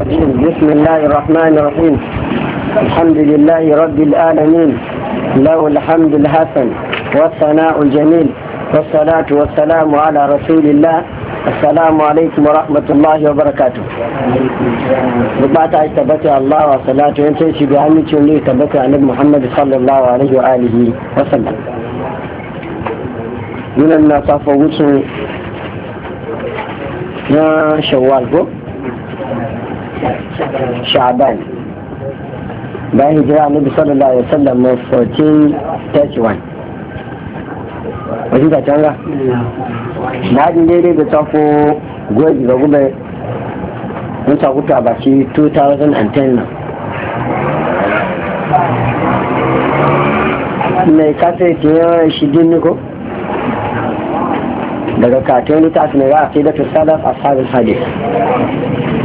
بسم الله الرحمن الرحيم الحمد لله رب العالمين له الحمد الحسن والثناء الجميل والصلاة والسلام على رسول الله السلام عليكم ورحمة الله وبركاته ربعت عيش تبتع الله وصلاة وانتشي بعمل شولي تبتع عن محمد صلى الله عليه وآله وسلم من الناس فوقت يا شوالكم sha'ban bayan hijira annabi sallallahu alaihi wasallam 1431 wajen da can na hajji daidai da tsako gwaji ga gube mun sakuta ba shi 2010 na mai kasa shi shidin niko daga katon littafi ne ga a sai da a sabis hadis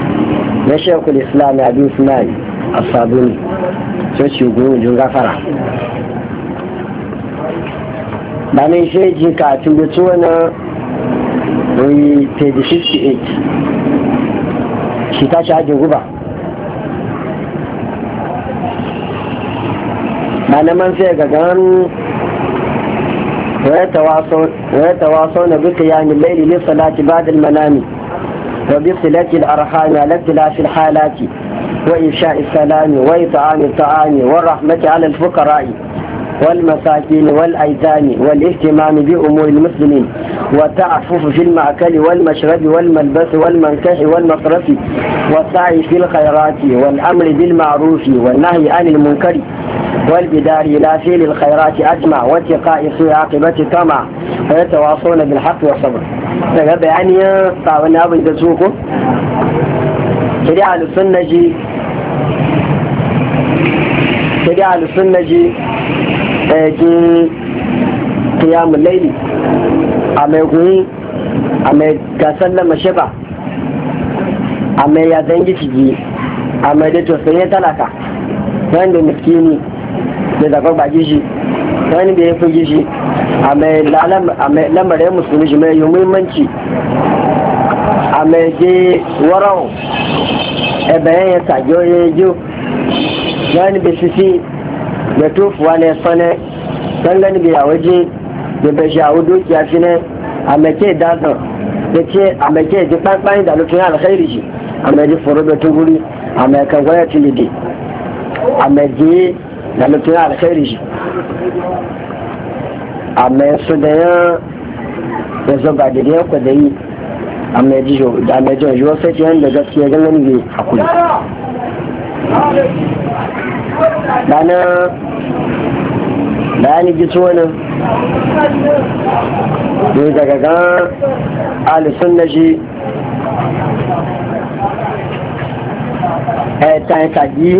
na shekul islam ya biyu suna yi a sabon sai ci jin gafara ba ne shi ji ka tun na wani page shi ta shaji guba ba na man sai ga gan wata tawaso na duka yanin laili ne salati ba da manami وبصلة الأرحام على اختلاف الحالات وإنشاء السلام وإطعام الطعام والرحمة على الفقراء والمساكين والأيتام والاهتمام بأمور المسلمين والتعفف في المأكل والمشرب والملبس والمنكح والمصرف والسعي في الخيرات والأمر بالمعروف والنهي عن المنكر والبدار إلى فعل ka أجمع واتقاء سوء عاقبة طمع ويتواصون بالحق والصبر daga bayani ya tsawon abin da su ko shari'a al-sunna ji shari'a al-sunna ji ki qiyamul layli a mai guri a mai gasar da mashiba a mai ya zangi ciki a mai da tosaye talaka wanda miskini da zaɓar ba gishi ta wani da ya fi gishi a mai lamarin musulmi shi mai yi muhimmanci a mai je warau ebe ya tagyo ya yi wani da sisi da tufuwa ne sane don gani da ya waje da bai shi a wudu ya ne a mai ke dazan da ce a mai ke ji ɓanɓan da lutun alkhairi shi a mai ji furu da tuguri a mai kan gwayar tilidi a mai je da mutum alkhairi shi amma yasu da ya yanzu ba da ya da yi amma ya ji da amma ji wasu sai yan da gaskiya ga nan ne a kula dana bayani gitsu wani ne daga ga alisun na shi eh, ta yi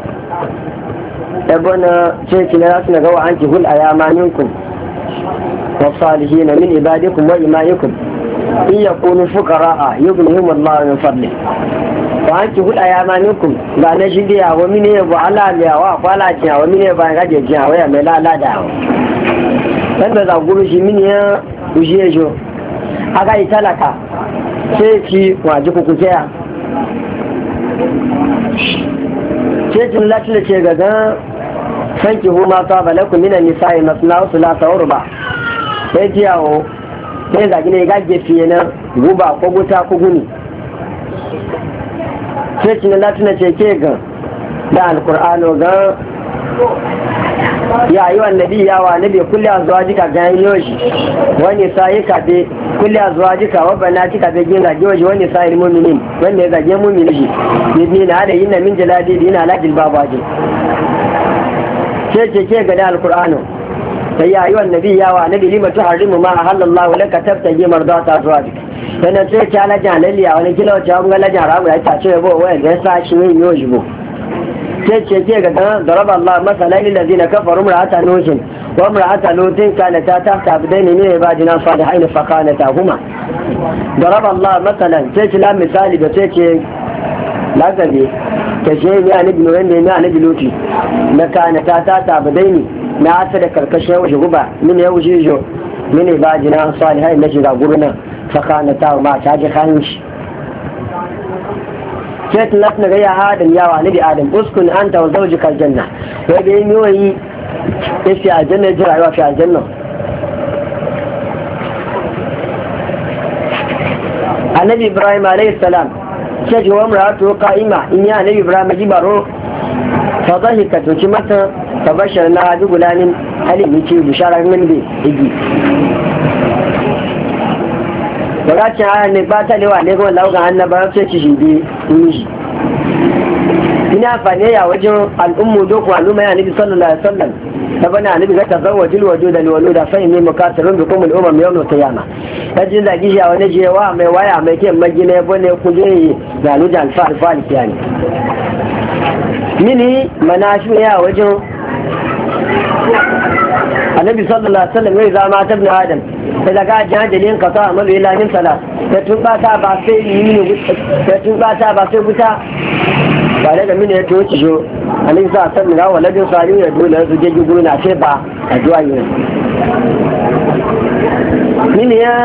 ابن شيخ ناس نقوى عنك قل أيام منكم والصالحين من عبادكم وإمائكم إن يكونوا فقراء يغنيهم الله من فضله وأنت قل أيام منكم لا نجد يا ومن يبو على يا وقال يا ومن يبو أن قد يجي ويا ملا لا دا فأنت تقول شي من يا وجيجو أغا يتلك شيخي واجبك كتير ce jumla da ce ga gan sanki hu ma ta mina ku minan nisa'i masna wasu la sauru ba sai jiyawo sai zagi ne ga gefiye na guba ko guta ko guni ce ce na latina ce ke ga da alkur'ano ga ya yi wa nabi ya wa nabi kulli azwajika gan yoji wani sai ka be kulli jika wa jika be gin ga yoji wani sai mu'minin wani ga gaje mu'mini shi bibni na da yin min jaladi dina lajil babaje. ce ce ke ga alqur'ani sai ya yi wa nabi ya wa nabi lima tuharrimu ma halallahu laka tabtaji mardata azwajika sai na ce ta la jalaliya wani kilo ta ngalajara ragu ya ta ce bo wai ga sa shi yin yoshi bo sai ce ce ga kan daraba Allah masala lil ladina kafaru mar'ata nuhin wa mar'ata lutin kana ta ne ne bidain min ibadina salihin fa kana ta huma daraba Allah masala sai ce la misali da sai ce la gabe ta ce ni annabi nuhin ne ni annabi luti na kana ta tahta bidain na asa da karkashin wuce guba min ya wuce jo min ibadina salihin na shiga gurnan fa kana ta ma ta ji kanin shi fet na ga ya adam yawa ni bi adam uskun anta wa zawjika aljanna ko be yin yoyi ke fi aljanna fi aljanna annabi ibrahim alayhi salam ke ji wa mura to qa'ima in ya annabi ibrahim ji baro fa zahika to ki mata tabashar na bi gulanin halimi ki bishara min bi igi bukacin haya ne ba ta lewa ne kuma laugan hannu ba sai ci shi biyu in shi ina amfani ya wajen al'ummu doku al'umma ya nabi sallallahu alaihi wasallam ta bana nabi ga tazawwajil wajuda li waluda fa inni mukasirun bikum al mai yawm al qiyamah ta jin da a wani jewa mai waya mai ke magina ya bane ku je da lujan fal fal kiyani mini shu ya wajen annabi sallallahu alaihi wasallam ya zama ta ibn adam sai daga jajalin ka ta amalu ila min sala ta tun ba ta ba sai yi ne ta tun ba ta ba sai wuta ba daga mini ya toci jo annabi sallallahu alaihi wasallam ga waladin salihu ya dole su je gugu na sai ba a yi ne mini ya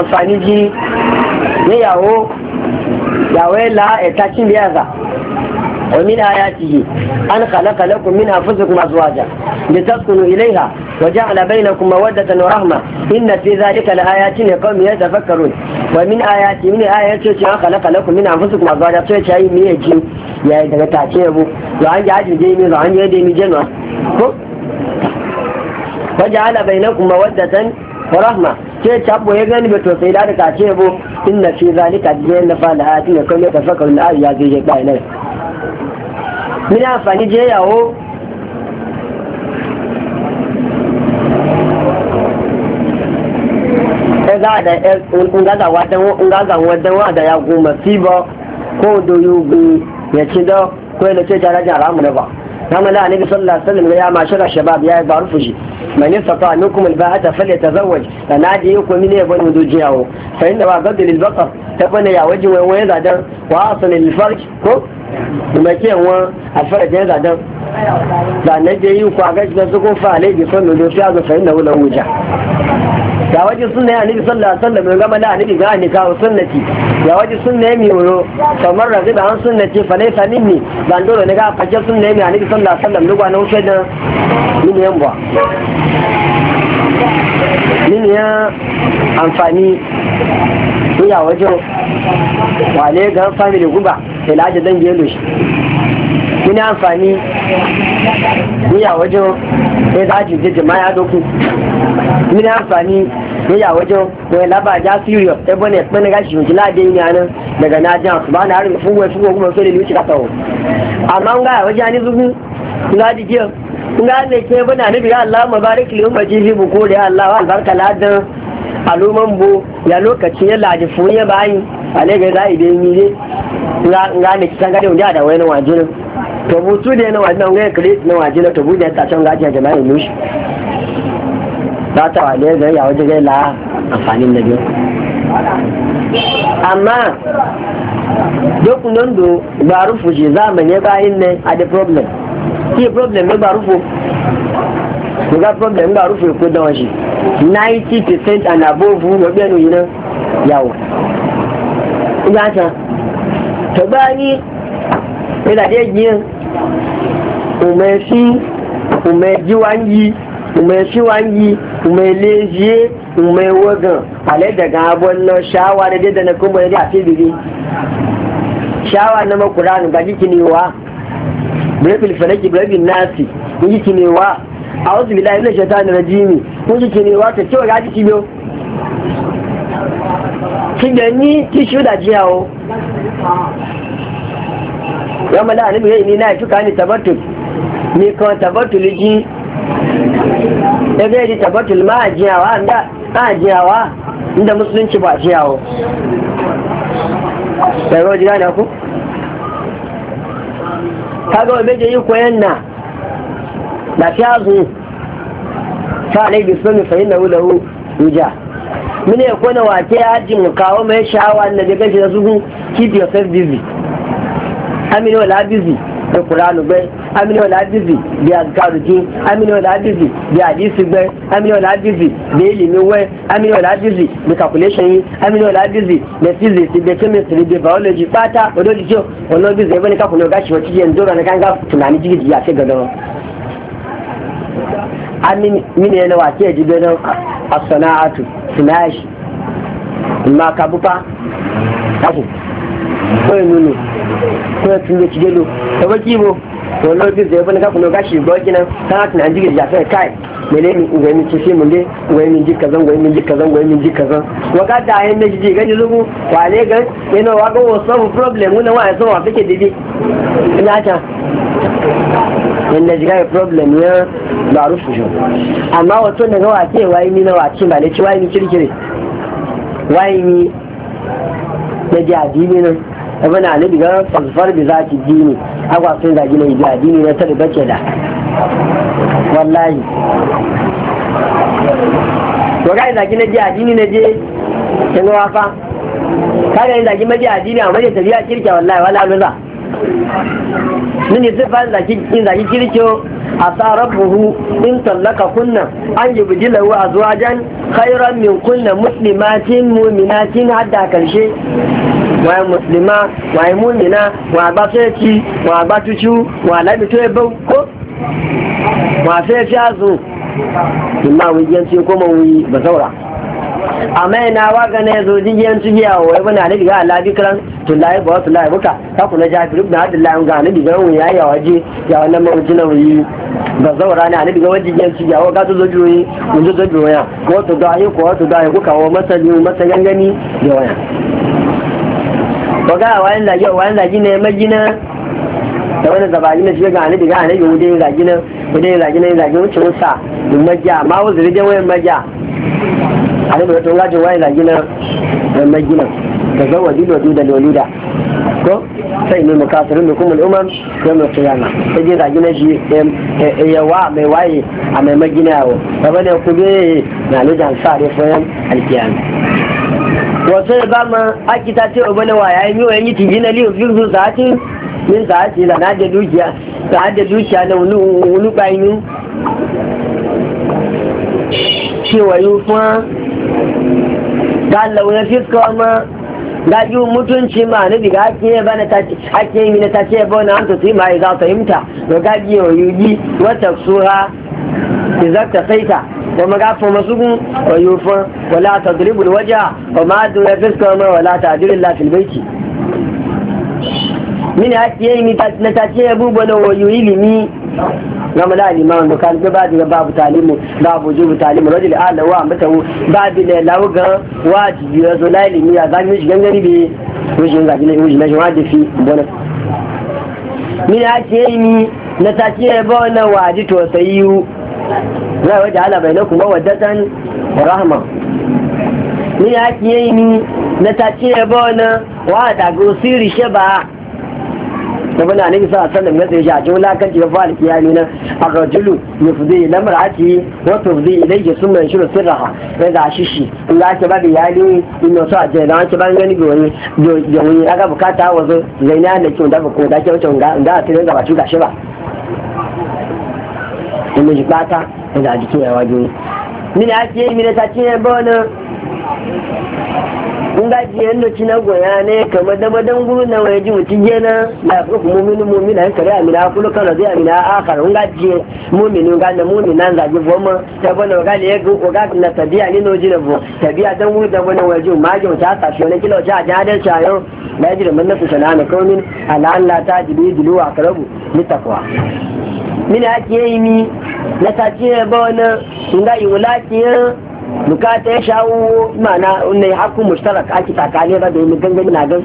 amfani ji ne yawo yawo la eta kin biyaza ومن آياته أن خلق لكم من أنفسكم أزواجا لتسكنوا إليها وجعل بينكم مودة ورحمة إن في ذلك لآيات لقوم يتفكرون ومن آياته من آياته أن خلق لكم من أنفسكم أزواجا سوى شيء ميجي يا إذا تعتيه أبو وعن جعل جيمي وعن يدي مجنوة وجعل بينكم مودة ورحمة sai tabbo ya gani bai sai da ka ce bo inna fi zalika jinna fa la hatin kuma tafakkarul ayya zai ga bayanai ní amfani jẹ́ ìyàwó ngaga wadda wadda ya goma fi ba ko doyo gun ya ci da ko yana ce jara jara mu na ba kama da annabi sallallahu alaihi wasallam ya mashara shabab ya yi barufu shi man yastata minkum alba'ata falyatazawwaj ana je ku mine ya bani dujiyawo fa inda ba gadda lil basar ta bane ya waje wai wai zadan wa asal lil farj ko kuma ke wa alfarj ya da a da ko ya waje sunna ya nabi sallallahu alaihi wasallam gama da nabi ga ni kawo sunnati ya waje sunna ya miro kamar razi da an sunnati fa laysa minni ban dole ne ga fake sunna ya nabi sallallahu alaihi wasallam lugwa na wuce da min yan ba min ya amfani ko ya waje wale ga family guba sai laje dan gelo shi ní àǹfààní níyàwó jọ ní láti jẹjẹ máa yádókù ní àǹfààní níyàwó jọ wọn lábàjá síríọ̀ daga su ba na harin fún wai fún luci ka amma ga wajen ani ga ga ne ke bana nabi ya Allah Allah wa albarka ladin aluman bo ya lokacin ya laji fun ya bayi ale ga ne ga ne kisan da wani wajen to mutu ne wajen wannan ga kare na waje na to buɗe ta can gaji jama'a ne shi ba ta wale ga ya waje ga la amfanin da biyu amma duk nan do ba rufu shi zamani ba in ne a da problem ki problem ne ba rufu ko ga problem ba rufu ko da wani 90% and above wo bi no yin yawo ya ta to ba ni ìdàdí ẹ̀yìn ọmọ ẹ̀sí ọmọ ẹ̀jí wá ń yí ọmọ ẹ̀sí wá ń yí ọmọ ẹ̀lẹ́yẹ ọmọ ẹ̀wọ́gàn alẹ́ dẹ̀gàn abọ́ lọ ṣáwá dédé dẹ̀nà kó mọ ẹ̀dí àti ìbìrì ṣáwá nàmọ kùránù gbajú kìíní wá bírèkìlì fẹ̀lẹ́kì bírèkì náàsì ojú kìíní wá àwọn sì bìlá ilé ìṣẹ̀tà nìrẹ̀ jíìmì ojú kìíní wá kẹ̀kẹ́ ọ̀gá ní tíṣú yau mala anibi ya ni na tuka ni tabatul ni kan tabatul ji ebe ji tabatul ma ajiyawa da ajiyawa inda musulunci ba ajiyawa sai roji gane ku kaga wa beje yi koyan na da fi azu fa alai bi sunni fa inna lahu wuja mine ko na wake ajin kawo mai sha'awa na daga shi da su keep yourself busy amini wala bizi da kuranu gbe amini wala bizi da azkaru jin amini wala bizi da hadisi gbe amini wala bizi da ilimi wẹ amini wala bizi da calculation yi amini wala bizi da physics da chemistry da biology pata odo jijo ono bizi ebe ni kakuna ga shi wacce na kanga tunani jigiji ya ase gado mini asana'atu ma ko tun da kige lo ta baki bo to lo bi zai bani ka kina ya sai kai mele ni uwe mi ci shi munde uwe mi ji wa ka da ga wa ga sabu problem wannan wa wa dibi ina ta jiga problem ya ba rufu shi amma wato daga ni na wace ba ne ci ni kirkire ni nan abin ali daga fasfar da za ki dini agwa sun zagi na ibi addini na tare ke da wallahi to ga zagi na ji dini na je kin wafa kaga yi zagi maji addini a maje tafiya kirkiya wallahi wala luza nini zai ba zakin zakin kirkiyo a tsarabuhu in tallaka kunna an yi bujila wa a zuwa jan khairan min kunna muslimatin muminatin hadda karshe wa muslima wa mumina wa ba sai ci wa ba tuchu wa labi to ebo ko wa sai ci azu illa wiyan ci ko mawi ba saura amma yana wa gane zo jiyan tugiya wa ibn ali ga Allah bikran to ba to lai buka ta kula jabir ibn abdullah ga ali ga wani yayi ya waje ya wannan mawjina wuri ba zaura ne ali ga waje jiyan tugiya wa ga to zo joyi mun zo ya ko to yi ko to ga yi kuka wa masali masalan gani ya waya wani wani da wani zabari na shiga ne daga ne yau dai ga na dai zagi na zagi wuce wuta majiya ma wuzuri dai wayan a nan wato gaji waye na gina eh, mai gina da zawa dilo da lolida ko sai ne mukasirin da kuma al'umman don mai tsayana sai dai zagi na shi eh, eh, yawa mai waye a mai magina yawo gaba ne kube na lujan sa da fayan alkiyami wasu ya ba ma aki ta ce obana wa yayin yi wayan yi tigi na liyu fiye sa'ati min sa'ati da na da dukiya da da dukiya na wani bayan yi cewa yi fun ga launar fiska ma ga yi mutunci ma na diga ke ba na tace ake yi na tace ba na an tafi mai za ta himta ga gaji wa yi wata sura ta saita da magafa masu gun wa fa wala ta dribul waja wa ma ya fiska ma wala ta la fil baiti mini ake yi na tace abubuwa na yi ilimi na mala aliman bukhari ga babu ga babu talimu babu jubu talimu rajul ala wa mutahu bi ne lawo ga wajibi ya zo lailimi ya zami shi gangari bi wujin ga ne wujin na wajibi bona min ake ni na tace ya ba wannan waji to sayu za waje ala bai bainakum mawaddatan wa rahma min ake ni na tace ya ba wannan wa da go sirri shaba da bana ne sa sallam ya tsaye a cikin lakanci ya fara kiyami nan a rajulu yufzi lamar ati wa tufzi ilayhi summa yashru sirraha sai da shi shi Allah ke ba da yali in so a ke ban gani ga da wani aka bukata wa zaina da kin da ko da ke wucin ga da ta ga ba gashi ba in ji da in ga ji yanda ci na goya ne kamar da madan guru na waje mutum ya fi kuma mu'minu mu'mina an kare amina kullu kan razi amina a in ga ji mu'minu ga na mu'mina ga ji goma ta bane bana ga le ga ga na tabiya ni noji jina bu tabiya dan guru da bana waje ma ji ta ta shi ne kilo ta ja da shayo na ji da mannasu sanana kaumin ala Allah ta jibi karabu ni takwa. mina ake yi mi, na ta ce ba wani in ga yi wula ke bukata ya shawo mana ne hakun mushtarak ake tsakanin ba da yi gangami na gan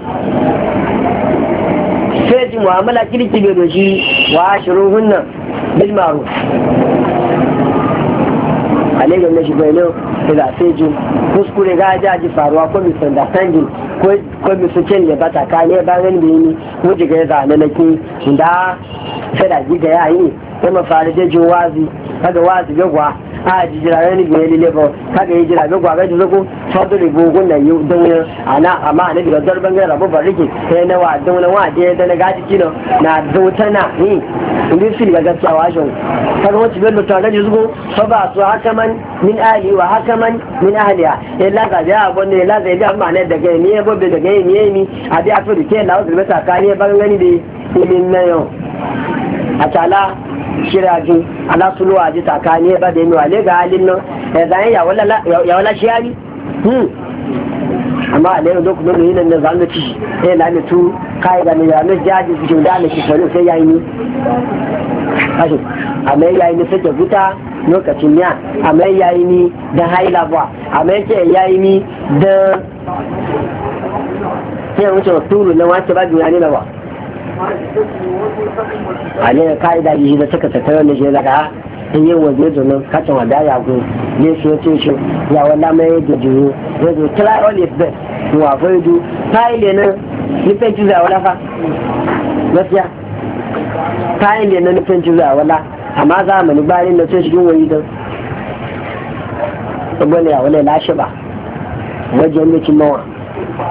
sai wa mala kirki bai doji wa shirin hunnan bil maru alaikar na bai ne da sai ji kuskure ga ji aji faruwa ko misunderstanding ko misucin ya ba tsakani ba ran da yi ne ji ga ya zane na ke da sai da ji ga yayi ya mafari da ji wazi kaga wazi ga gwa a jijira ne ga yali lebo kaga yi jira ga gwaga jizo ko fadri bugun nan yau dan ana amma ne daga darban ga rabu bariki sai na wa dan wa je da na gaji kino na zautana ni ni fil ga gaskiya wa jin kaga wacce bello ta ga jizo fa ba su haka man min ahli wa man min ahliya illa ga ya bonne illa ga ya amma ne daga ni ebo be daga a ni abi afi ke lawo zirbe sakani ba gani da ilin nan yau a tala shirajin alasuluwa ji takani ba da yanuwa ne ga halin nan ya zayen yawala hmm amma a layin dokunan yi yin da zanen ci eh, ya lami tu kayi da mai yawon jaji su kyau da alaƙi shari'a sai yayi ni amma yayi ni sai da wuta lokacin ya amma yayi ni da haila ba amma ce yayi ni da sai wuce wasu turu na wace ba duniya ne ba a ne ka'ida yi da suka tattara wanda shi daga in yi waje domin kacin wada ya ku ne su yace shi ya wanda mai yadda jiro ya zo try all is best to wa fa yi ne nan nufin jiza wala fa gaskiya ne nan nufin jiza wala amma za zamani bayan da sai cikin wani don saboda ya wala lashe ba wajen yakin mawa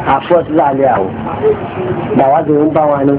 a first za a yawo da wazirin yin bawa nan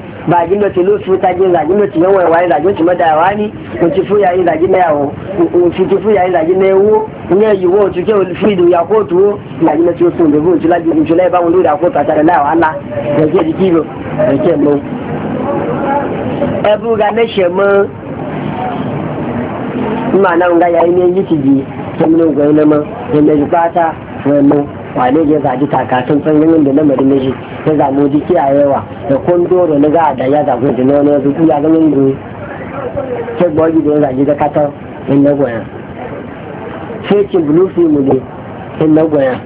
ba gino ti lo ta gin la gino ti yan wa la gino ti ma ni ti fu ya yin la gino ya ti ti fu ya yin la gino e yi wo ti ke fu idu ya ko tu o la ti o de bo ti la gino ti la ba won da ko ta ta la wa la e ke di kilo e ke mo e ga ne she mo ma na nga ya yin yi ti ji ke mo go ina ma e me ju pata mo wane ya zaji takatun tsanganin da lamarin na shi ya zamu a yawa. da kondoro na za a da ya zagu da na wani yanzu kuya ganin da ke gbogi da ya zaji da katon in na goya fekin bulufi mu ne in na goya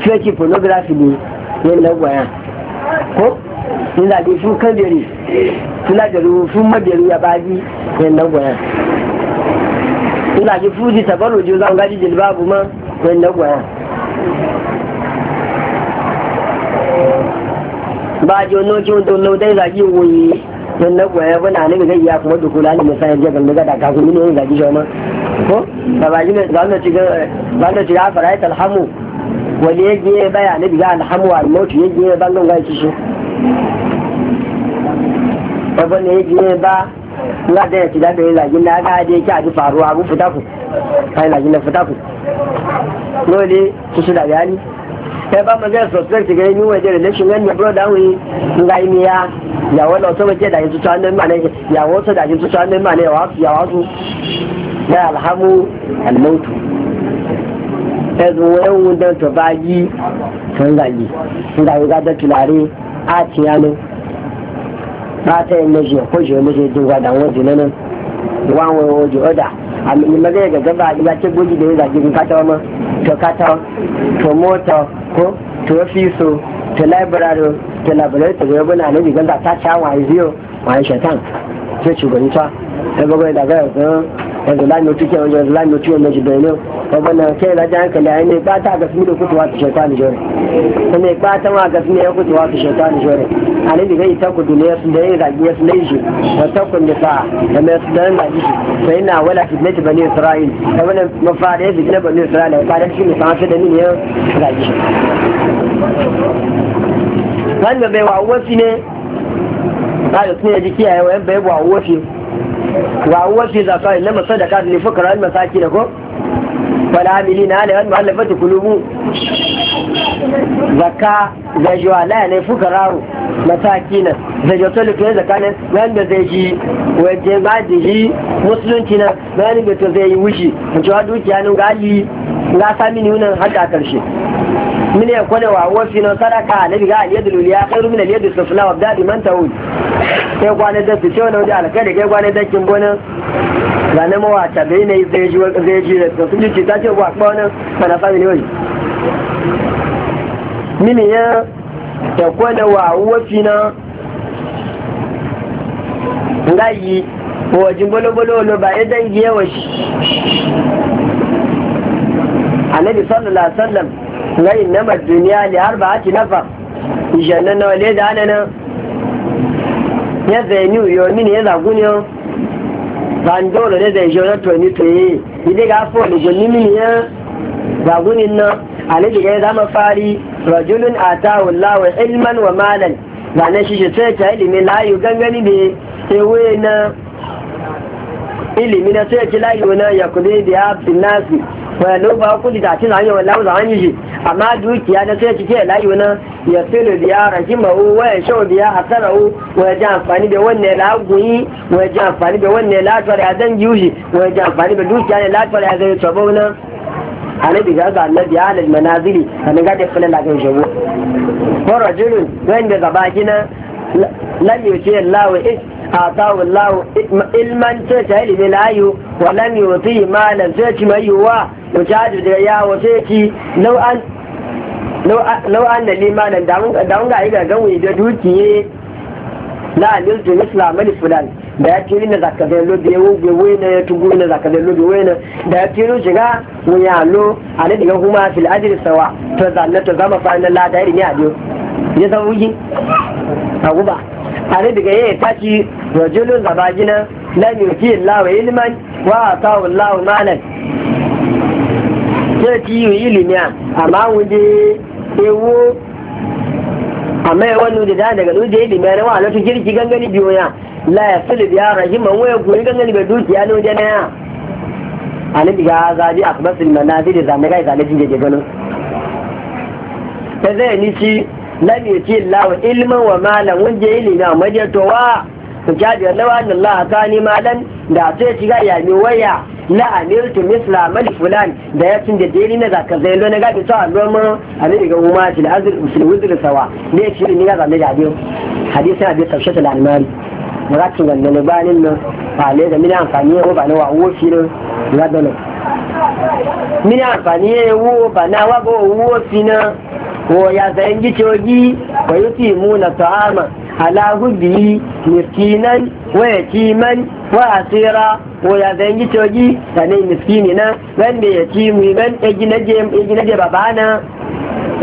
fekin pornography ne in na goya ko in zaɓi sun kan jeri suna da rubu sun majeru ya baji in na goya in zaɓi fuji tabarojo zan gaji jilbabu ma in na goya ba ji wani nauki wanda wani dai zagi woyi don na goya na ne zai iya kuma dukula ne musayi jiya ga da kafin mini yin zagi shoma ko ba ba ji ba da ci ya fara ita alhamu wani ya je ne biga alhamu wa mutu ya je ban gonga ci shi ba ne ya je ba nga da ya ci da bai zagi na ga je ki a ji faruwa abu fita ku kai zagi na fita ku dole su su da bayani sosai bá mọ̀jẹ́ sọ̀tẹ́ẹ̀tì gẹ́gẹ́ ní wọ́n da relation ẹni ẹ̀bùrọ̀dá àwọn ga ẹni ya yàwó náà tó mọ̀jẹ́ ìdájí tuntun ẹni mà ní yàwó tó ìdájí tuntun ẹni mà ní ya wasu. bẹ́ẹ̀ alhamu alimọ́tò ẹ̀dùn ẹ̀wù dẹ́ntọ̀ bá yí ńlá yìí ńlá yìí gádẹ́ tùlárí àti yánu bá tẹ́ ẹ̀mẹ́jì ọ̀pọ̀ ìṣòro méjì dùgbàdà wọn wani wani wani. wọn ojú ọ̀dà àmì ìmọ̀lẹ́ gẹ̀gẹ́ bá ìgbà tí gbójú lè rí ìdájí kátà ma. To kátà to mọ́tò ko to fi so ta library ta library ta gobe na ne ganda ta cha wa ziyo wa shaitan sai shugaban ta ta gobe da ga ga wanda la no tike wanda la no tike ne wannan sai da jan ne ba ta ga gasmi da kutuwa ta shaitani jore sai mai bata ma gasmi ya kutuwa ta shaitani jore ani yi ta ku duniya su da yin sun su yi shi ta ku da ba da mai su da yi zagi shi sai na wala ne bani isra'il da wannan mafada ya ne bani isra'il ba da shi ne sai da ni ne zagi shi da bai wa wasi ne ba da suna ji kiyaye wa bai wa wasi wa wasi za ka yi na masadaka da ne fukara masaki da ko fal'amili na halayen ma'allafata kulubu zaka zajiwa laya ne fuka raro mataki nan zajiwa to lukunan zakanin wanda zai ji wajen ba da yi musulunci na wani beto zai yi wushi mutuwa dukiya nun gali na sami ni wunan hada karshe min ya kwana wa wafi na sadaka na biga aliyadu luliya kai min aliyadu sufla wa abdadi man tawud kai kwana da su cewa na wajen alkhairi kai kwana da kin bonan ga na mawa tabi yi zai ji zai ji da sun ji ta ce wa kwana bana sami ni wani min ya ya kwana wa wafi na ngayi ko jin bolo bolo lo ba ya dangi yawa shi annabi sallallahu alaihi wasallam ngai nama duniya li arba'ati nafa ijanna na wale da anana ya zai ni yo ni ne da gunyo bandolo ne da jona to ni to yi ide ga fo ni jonni ni ya da gunin na alaji ga zama fari rajulun atahu Allahu ilman wa malan da ne shi sai ta ilimi layu gangani ne sai waye na ilimi na sai ki layu na yakudi bi abdin nasi wani ba kudi da cin hanyar wallahu da hanyar shi amma dukiya na sai cike layu na ya filu biya rahimahu wa ya shau biya hasarahu wa ya ji amfani da wannan laguyi wa ya ji amfani da wannan latuwar ya zan yushi wa ya ji amfani da dukiya ne latuwar ya zai tabo na annabi ga ga annabi alal manazili annabi ga da filan lagun shabu ko rajulun wanda gaba kina lam yuti Allah آتاه الله علما تشهل بلايو ولم يعطيه مالا تشميوا mujahid da ya wace ki nau'an nau'an da limanin da wunga yi gagan wani da dukiye na aliltu misla mali fulan da ya tiri na da lobe wobe na ya tugu na zakazin lobe na da ya tiri shiga wuyalo a na diga kuma fil ajiri sawa ta zanna ta zama fa'anin lada irin a biyu ya zama wuyi a guba a na diga ta ci rajulun zabagina lam yuti Allah wa ilman wa atahu Allah malan sai ci yi ilimi a amma wuje ewo amma ya wani wuje da daga wuje ilimi a rawa alatu kirki gangani biyo ya la ya fili waya goyi gangani bai dukiya a na zane gano wa malan wuje ilimi ku jaji lawa na Allah ta ni malan da sai shiga ya mi waya na amirtu misla mali fulan da ya cin da na zaka zai lo na gabi a goma a ne daga umma til azr usul sawa ne shi ni ga zanne da hadisi abi tafshat al almari muratin wannan banin nan ba le da mini amfani ko ba na wa wofi ne ya dole amfani ya wo ba na wa go wofi na ko ya gicogi ko yuti mu na ta'ama ala hubbi miskinan wa yatiman wa asira wa ya zangi cogi sane miskini na wanda ya ci mu ban ya gina je babana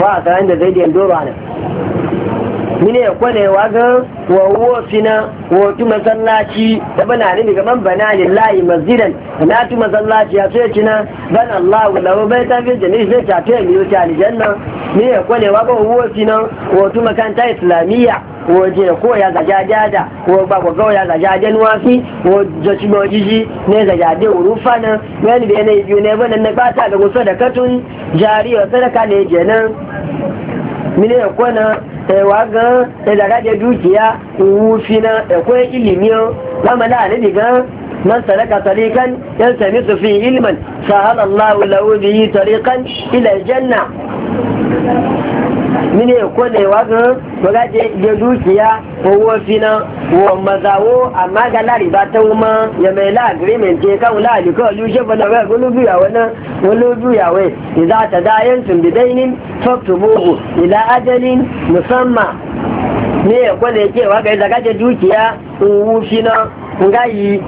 wa asira da zai da doro na mine ya waga wa wofina wa tu masallaci da bana ne ga man bana lillahi masjidan na tu masallaci ya sai cina ban Allah lahu bai ta fi jani sai ta ta miyo ta aljanna mine ya kwane wa wofina wa wotu makanta islamiyya je ko ya gajaja da ko ba ko ga ya gajaja ni wa je ci mo jiji ne gajaje urufa na yani be ne biyo ne ban ne ba ta da gusa da katun jariya sadaka ne jenan mine ya kwana ewa gan ẹdàgájẹ dúkìá ìwú fina ẹkọ ilimiyan lamala alebi gan man sadaka tariqan yaltamisu fi ilman sahala allahu lahu bihi tariqan ila aljanna mine ko ne waga waga je je dukiya ko fina wo mazawo amma ga lari ba ta kuma ya mai la agreement je kan la ali ko lu je bana ga gulu biya wana wulu biya we idza tadayantum bidainin faktubuhu ila ajalin musamma ne ko ne ke waga idza ga je dukiya wo fina ngayi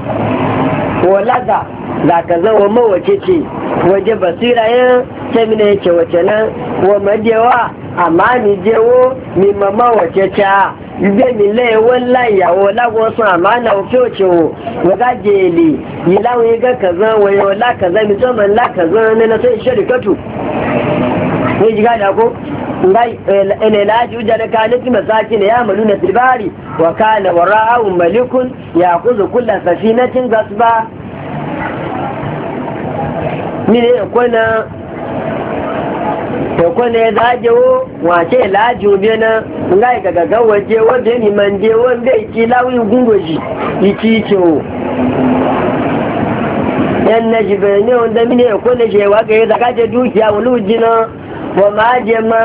wo laza za ka zama mawace ce waje basira ya ce mine ce wace nan wa madewa àmá mi jẹ́wọ́ ni mọ̀mọ́ wọ̀ kẹta ìgbé mi lé ewé ńlá ìyàwó lágbọ́sán àmá náà òfin òṣèwò wọ́gá jèèlè yìí láwọn igá kàzán wọ̀nyẹn ọ̀la kàzán mọ̀ ńlá kàzán nínú tó iṣẹ́ ní ìjìká ìdàkó ngai elelaji ya wa to ko ne za je wo wace laju be na ngai ga gaga waje wanda ni man je wanda iki lawi gungoji iki ce wo yan na jibe ne wanda mini ko ne je wa ga daga je dukiya wulu jina wa ma je ma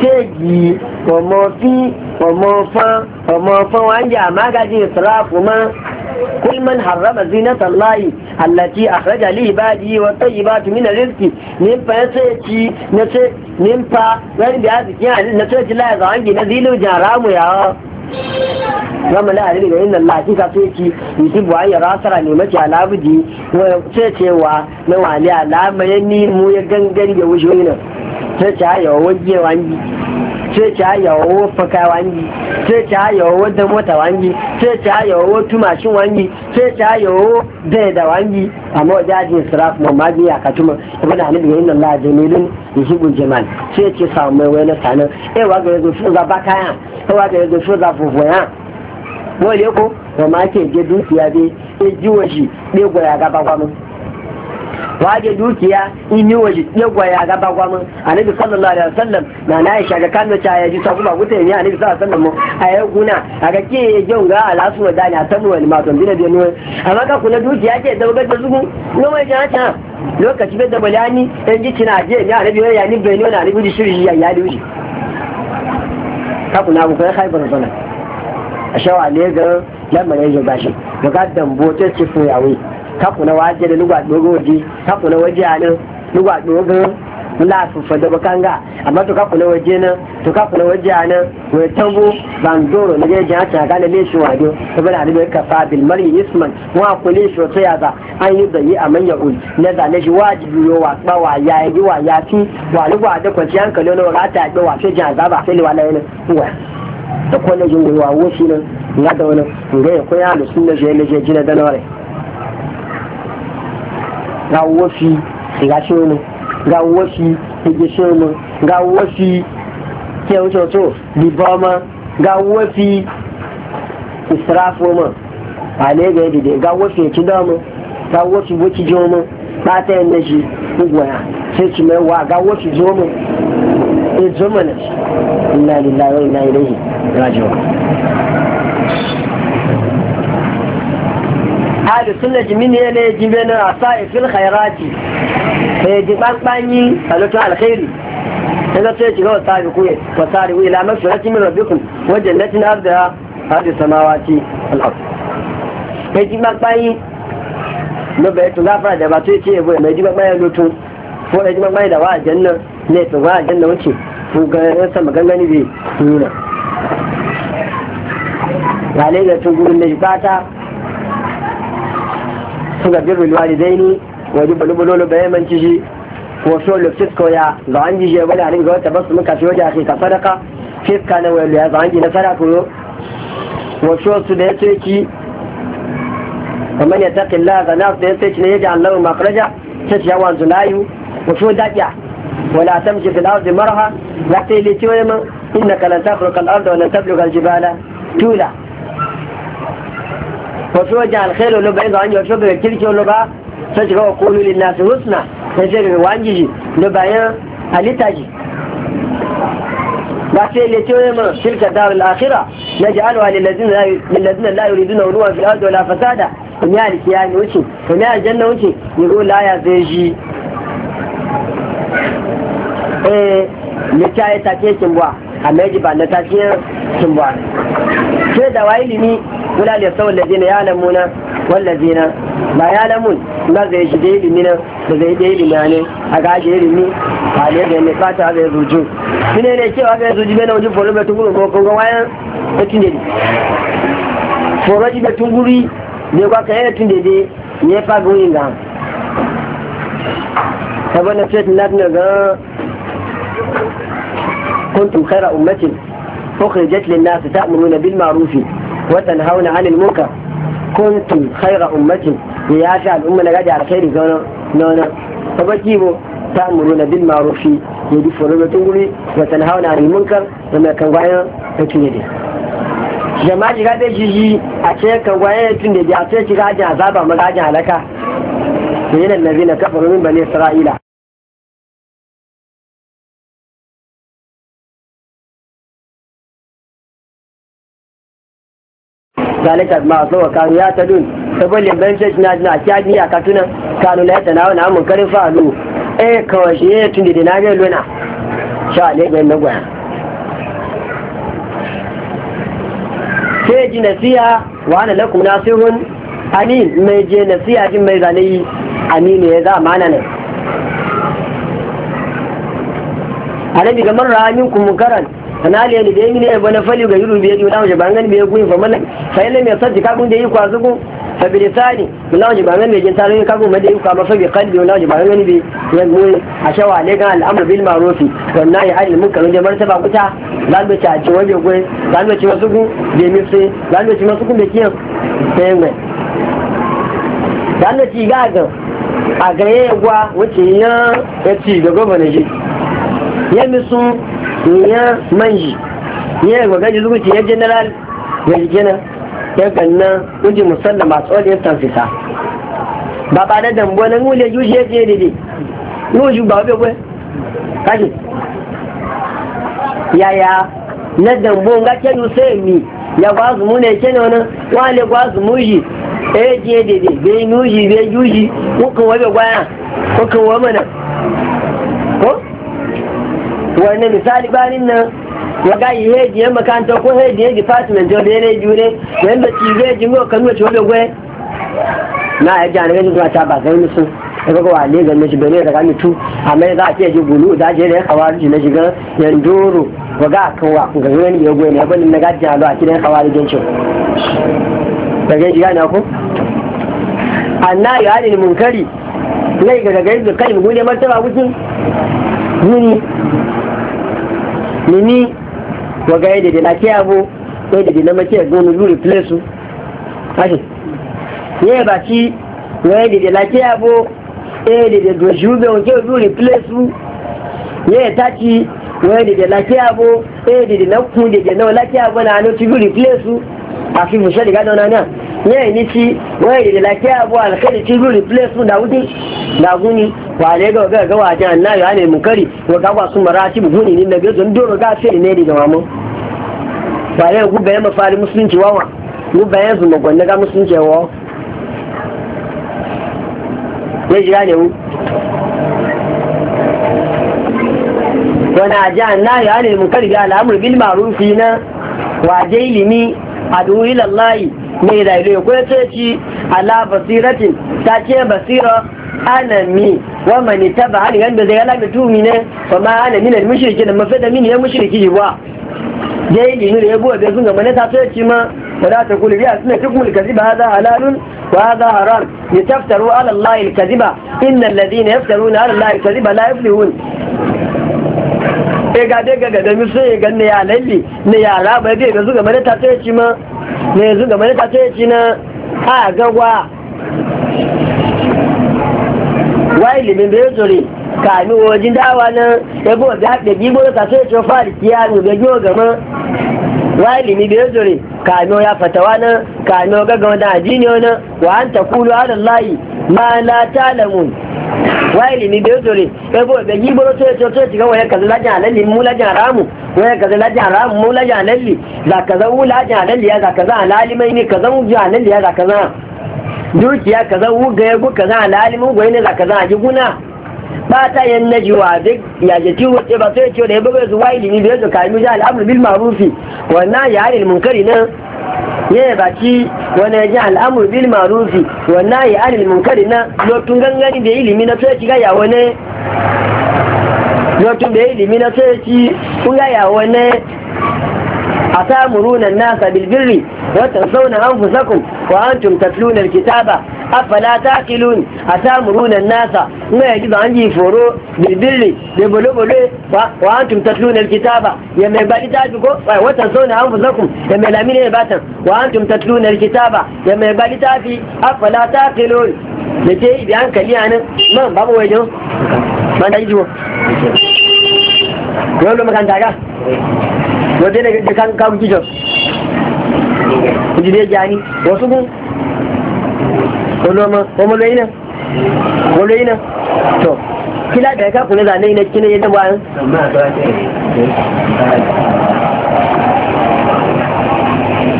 seji wa mo fi wa mo fa wa mo fa wanja magaji israfu ma كل من حرم زينة الله التي أخرج لعباده والطيبات من الرزق نمفا نسيتي نسي نمفا غير بهذه يعني نسيتي لا يزعجي نزيل جرام يا zama la alili ga inna Allah kika sai ki yusibu an ya rasara ne mace alabudi sai cewa na wali alama ya ni mu ya gangan ya wuce wani sai ci ayawo faka wangi sai ci ayawo da mota wangi sai ci ayawo tumashin wangi sai ci ayawo da da wangi amma wajen ajin siraf ma magi ya katuma kuma da hannun inna Allah jamilun yuhibbul jamal sai ci samu mai na sanin eh wa ga yazo shi za ba kayan eh, wa ga yazo shi za fufuya wale ko wa ma ke je dukiya dai e jiwo shi ne goya gaba kwamin waje dukiya in yi waje yagwa ya gaba gwamin annabi sallallahu alaihi wasallam na na aisha ga kan ta ya ji ta kuma guta ne annabi sallallahu alaihi wasallam a ya guna a ga ke jin ga alasu wa dani a tamu wani ma don bina bino amma ka kula dukiya ke da ga zugu no mai jan ta lokaci da bulani dan ji kina je ya annabi ya ni bino na annabi shiri ya ya duji ka kula ku kai kai khaibar zana a shawa ne ga lamarin ya bashi ga dan bote ci foyawe kakuna waje da lugwa dogoji kakuna waje a nan lugwa dogo la su fada bakanga amma to kakuna waje nan to kakuna waje a nan wai tambo doro ne ga ta ga shi leshi to bala ne ka fa bil mari isman wa ku leshi to ya ga an yi da yi amma ya ul na da shi wajibi yo wa ba wa ya yi wa ya fi wa lugwa da kwaci hankali na wa ta ga wa sai za ba sai wala ne wa da kwalle jin wa wo ne nan na da wani ya da sunna je ne je jina da nore ga wofi ga shono ga wofi ga shono ga wofi ke wuce to dibama ga wofi israfo ma a ne ga yadda ga wofi ya ci damu ga wofi wuci jomu ba ta yin da shi gugwaya sai ci mai wa ga wofi jomu e jomu na shi inna lillahi wa inna ilaihi rajiwa ahli sunna jimini ne jimbe na asa'i fil khairati eh, sai ji banbanyi salatu alkhairi sai sai ji ga sabi ku wa sari ila mafsirati min rabbikum wa jannatin arda hadi samawati al ard sai eh, ji banbanyi no bai to gafara da ba to ce bai mai ji banbanyi tun ko ya ji banbanyi da wa janna ne to wa janna wuce ko ga yasa magangani bai nuna ga ne da tun gudun da bata suka birrul walidaini wajen bulbulolo bayan manci shi ko so lo fisko ya ga an ji je wala ringa wata basu muka shi wajen ake ka sadaka fiska na wayo ya zangi na sadaka yo wato su da yace ki kuma ya taki Allah na nas da ya yace na yaji Allah makhraja ta ci yawan zulayu wato dakiya wala tamshi fil ardi marha wa ta li ma man innaka lan takhluqa al arda wani lan tabluga al jibala tula وتوجع الخيل ولو بعيد عنه وشبه الكلك ولو فتح وقولوا للناس حسنا تجري وانجي لو بعيد أليتاجي بس اللي تقول ما تلك دار الآخرة نجعلها للذين لا للذين لا يريدون علوا في الأرض ولا فسادا فما لك يا نوتي فما الجنة نوتي يقول لا يا زيجي إيه لتاي تاكي سمبوا أما يجب أن نتاكي سمبوا كده وايلي ولا هل الذين يعلمون والذين لا يعلمون ما زي شدي من زي من يعني لمن أكاجي من قال يا بني فاتا هذا الرجوع من هنا كيف هذا الرجوع بين وجه فلما تقول كوكو وين تندي فورجي بتقولي ne kwa kaya tun da dai ne fa goyin ga sabon na fit na ga kuntum khaira ummatin ukhrijat lin nas ta'muruna bil ma'ruf وتنهون عن المنكر كنتم خير أمة يا شعب الأمة لقد على خير زونا نونا فبجيبوا تأمرون بالمعروف يدي فرولة تنقلي وتنهون عن المنكر وما كان غاية تكيدي jama'a shiga da shi a ce kan gwaye tun da ya ce shiga ajin azaba magajin halaka da yanar nabi na kafa rumin bane isra'ila zalika ma so wa kanu ya tadun sabon limban shi na na kyadi a katuna kanu la ta nawo na mun karin falu eh kawai shi ne tun da na ga luna sha ne ga na gwaya sai ji na siya wa ana lakum nasihun amin mai je siya jin mai zalai aminu ya za mana ne annabi ga man ra'a minkum munkaran na le ne da mini e bana fali ga yuru biye da ba ngani biye ku fa mallan sai le me saddi ka gun da yi kwazu ku fa bi lisani la waje ngani me jin tarihi ka gun ma da yi kwa ma fa bi qalbi la waje ngani bi yan mu a shawa ne ga al'amr bil ma'ruf wa nahi anil munkar da martaba kuta zan ta ji waje ku zan da ci wasu ku da mi sai zan da ci wasu ku da kiyan sai mai zan da ci ga ga a gare gwa wuce yan ya ci da gwamnati ya mi su ya manji ya ga gaji zuci ya general ga jikina ya ganna uji musalla masu wani ya tafisa ba ba da dambo na ngule juji ya ce dede ngule ba wabe kwe kaji yaya na dambo nga ke sai mi ya gwazu mu ne ke e ne wani wale gwazu mu ji eh je dede bai nuji bai juji kuka wabe gwaya kuka wamana ko wani misali banin nan ya ga yi heji ya makanta ko heji ya department ya bere jure yanda ci zai ji kanu ci wani gwe na ya ji anabi zuwa ta ba sai musu ya ga wale ga mishi bere daga mitu amma za a ce ji gulu da je da ji na shiga yandoro ga ga kanwa ga wani ya gwe ne na halu a munkari lai ga kai mu gode martaba wucin nini waga yadda da laki abu yadda da na mace gonu luri plesu ashe ne ya ci wa yadda da laki abu e yadda da doshi ube wanke luri plesu ne ya ci wa yadda e da laki abu yadda da na kun da na laki abu na hannu ci luri plesu a fi mushe daga dauna na ne ni ci wa yadda da laki abu alkhairi ci luri plesu da wuce da guni wale ga ga ga wajen annabi ya ne munkari wa ga wasu marati bu guni ne daga zan doro ga sai ne daga mamu wale ku ma fari musulunci wawa ku bayan su gonda ga musulunci wawa ne jira ne mu wani aji annabi ya ne munkari ga al'amur bil ma'rufi na waje ilimi adu ila Allah mai da ile ko ce ci ala basiratin ta ce basira ana mi wa man taba hal ganda zai ala mutumi ne fa ma ana min al mushrikin amma fa da min ya mushriki ba dai dinu da yabo da sun ga mana ta so ci ma wala ta kulli biya sunna tukmul kadhiba hadha halalun wa hadha haram yataftaru ala allah al kadhiba inna alladhina yaftaruna ala allah al kadhiba la yuflihun e ga dai ga da mi sai ga ne ya lalli ne ya raba dai da zuga mana ta so ci ma ne zuga mana ta so ci na a gawa wai limin bai ka kami wajen dawa nan ebe wa da gibo ka so ya cofa da kiyanu ga giyo gama wai limi bai ka kami ya fatawa nan kami ga gama da ajini wani wa an ta kulu ala layi ma la talamun wai limi bai ya ebe wa da gibo so ya cofa ya wani kaza lajin halalli mu lajin haramu wani kaza lajin haramu mu lajin halalli za ka zan wu lajin halalli ya za ka zan halalli mai ne ka zan wu halalli ya za kaza. dukiya kaza wuga ya guka za a gwai ne za ka za a ji guna ba ta yan naji wa duk ya je ciwo ce ba sai ciwo da ya buga su wai limi da ka yi jihar al'amuru bil marufi wannan ya yi munkari nan ya yi baki wani ya ji al'amuru bil marufi wannan ya yi munkari nan lotun gangani da ilimi na sai shiga ya wani lotun da ilimi na sai ci kun ga ya wani أتأمرون الناس بالبر وتنسون أنفسكم وأنتم تتلون الكتاب أفلا تأكلون أتأمرون الناس ما يجب أن يفروا بالبر وأنتم تتلون الكتاب يما يبالي تاتكو وتنسون أنفسكم يما يلامين يباتن وأنتم تتلون الكتاب يما يبالي تاتي أفلا تأكلون لكي بأنك كليانا ما بابو ويجو ما نجيبو yau da makanta ga wadda ne ga kan kawo gijon kujide jani wasu gun koloma homoloina homoloina to kila da ka kuna zane na kina yadda ba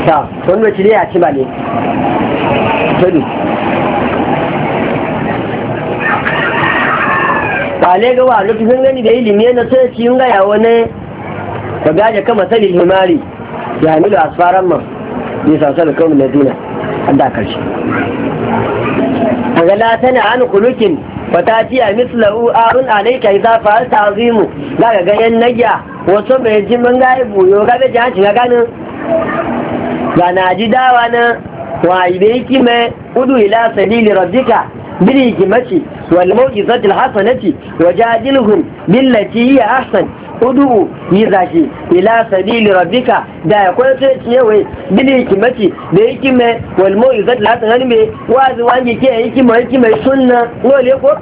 ta wannan ya ci ba ne wale ga wa lokacin gani da ilimi na sai ci yin gaya wani ka gaje kama sani himari ya hamilu asfaran ma bai sasa da kawai na dina an da karshe a ga latana an kulukin fatati a mislahu arun alaika idza fa'alta za daga ganyen nagya wasu mai jimin gaya buyo ga gaji hanci shiga ganin ga na ji dawa na wa ibe kime udu ila sadili rabbika بالهجمة والموجزة الحسنة وجادلهم بالتي هي أحسن udu yi zaki ila sabili rabbika da ya kwai sai ciye wai bil hikimati da hikime wal mu'izat la tanan me wazi wangi ke hikima hikima sunna wale ko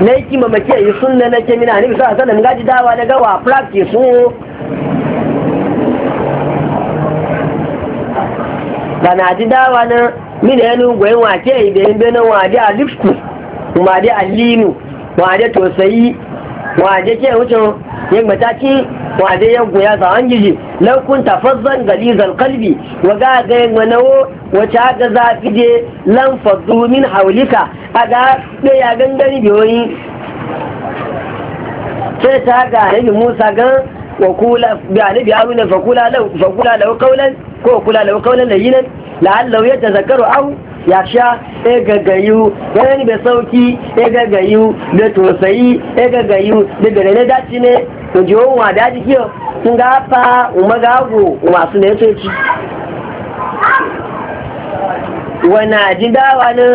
na hikima make yi sunna na ke mina ni sa sanan gaji dawa na gawa practice su da na ji dawa na min da yanu gwayin wace yin bene wade a lipsku wade a linu wade tosayi wade ke wucin yin mataki wade ya goya za an giji laukun tafazzan galizan kalbi wa ga ga yin wacce wace ga zafi je lan faddu min haulika a ga ɗaya gangare biyoyi sai ta ga nabi musa gan wa kula bi alibi haruna fakula da fakula lau kaulan ko kula da kaunan da yinan la'allahu ya tazakaru au ya sha e gagayu wani da sauki e gagayu da tosayi e gagayu da gare ne dace ne to ji wa da ji kiyo sun ga fa umma gago masu ne to ci wana ji dawa ne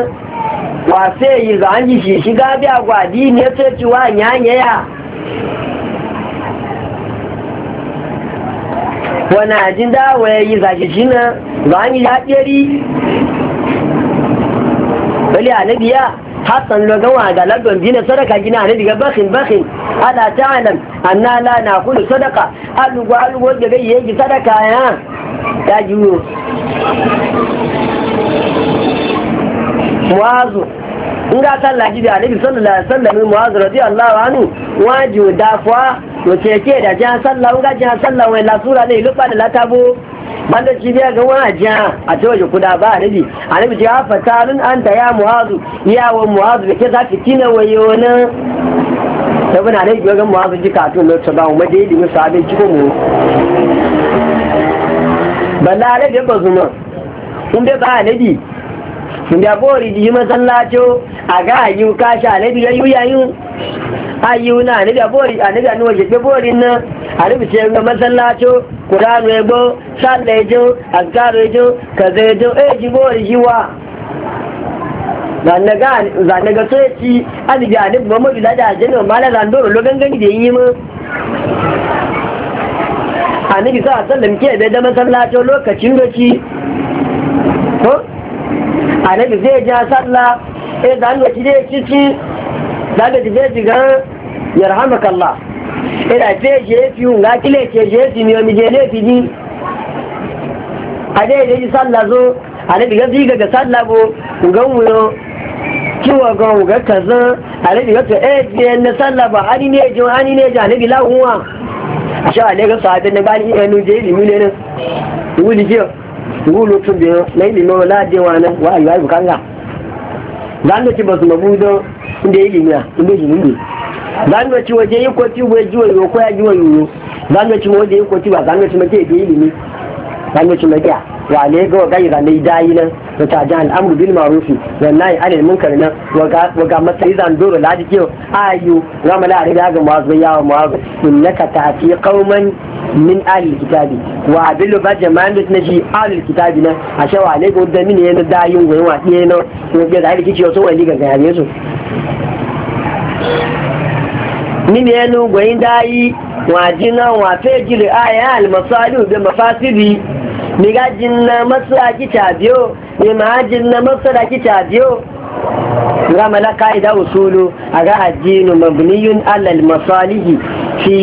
wa sai yi ga an ji shi shiga biya gwadi ne to ci wa nyanya ya wani ajin dawa ya yi zaje shi na zani ya ɗeri wali Alabiya hassan logan wa ga labdon dina sadaka gina ne daga bakin bakin ala ta'alam anna la na kudu sadaka alugu da daga yayi sadaka ya ya juyo Muwazu in ga sallah gidi annabi sallallahu alaihi wasallam muazu radiyallahu anhu wajibu dafuwa. ce ke da jihar sallah wuga jihar sallah wai lasura ne lupa da latabo banda ci biya ga wani jiha a ce waje kuda ba a anabi ce hafa talun an ta ya muhazu yawon muhazu da ke za ki tina wayo na sabu na anabi ga muhazu ji katun na ta ba mu da yi musu abin ciko mu balla anabi ba zuma in ba anabi da bori ji masallacin a ga ayu kashi anabi yayu yayu ayu na anabi bori anabi anuwa jebe bori na anabi ce ga masallacho kuranu ebo salla ejo azkaru ejo kaza ejo eji bori jiwa zane ga soyaci anabi bi muhammadu da jajen ma mala zandoro lo gangani da yi mu anabi sa sallam ke bai da masallacin lokacin doci ko annabi zai ja sallah eh da Allah ki dai kici da da zai diga yarhamakallah eh da ce je fi un ga kile ce je fi mi mi je ne fi ni a dai dai sallah zo annabi ga diga ga sallah bo ga mu yo kiwa ga mu ga kaza annabi ga eh je ne sallah ba ani ne je ani ne je annabi lahuwa a sha ne ga sahabin da ba ni eh, ne je ilimi ne nan wuli kiyo wulu tun biyo na ili ilimin wala jewa nan wa ayyuwa ibu kanga zanda ci basu mabu don inda ilimi a inda ilimi ne zanda ci waje yi kwati waje yi ko ya ji wa yiwu zanda ci waje yi kwati ba zanda ci mace ilimi zane ci makiya wa ne ga wagai zane dayi nan da ta ji al'amuru bil marufi yi anil munkar nan waga ga matsayi zan doro ladi kiyo ayu ga mala a riga ga mawazu yawa mawazu ta fi kauman min alil kitabi wa abilu ba jama'an da tunashi alil kitabi nan a shawa ne ga wadda mini yana dayin goyi wa ɗiye nan ko ga zai kici wasu wani ga gaya su mini yana goyi dayi wa jinan wa fejiri ayan masalu da mafasiri miga jinna masu a ki biyo mi ma jinna masra ki biyo ga malaka ka'ida usulu a ga addinu mabniyun alal masalihi fi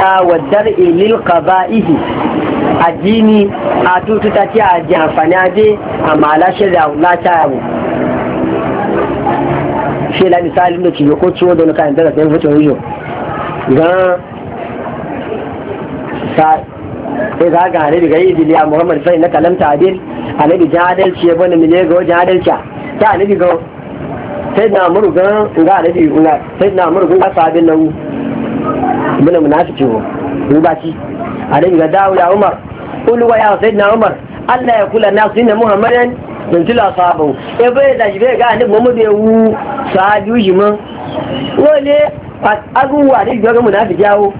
ha wa dar'i lil qaba'ihi addini a tututa ci a ji amfani aje amma la shirya na ta shi la misali da ci ko ciwo da wani kayan darasa yin yi yiyo ga sai za ga hanabi daga yi a muhammad sai na kalamta adil hanabi jan adalci ya bani mile ga wajen adalci ta hanabi ga sai na murugan ga hanabi ga sai na murugan ga sabin nan muna munafiki ko rubaci hanabi ga dawo ya umar kuluwa wa sai na umar Allah ya kula na nasu inna muhammadan tuntula sabu bai da jibe ga hanabi muhammad ya wu sahabi yi mun wole aguwa ne biyo ga munafiki yawo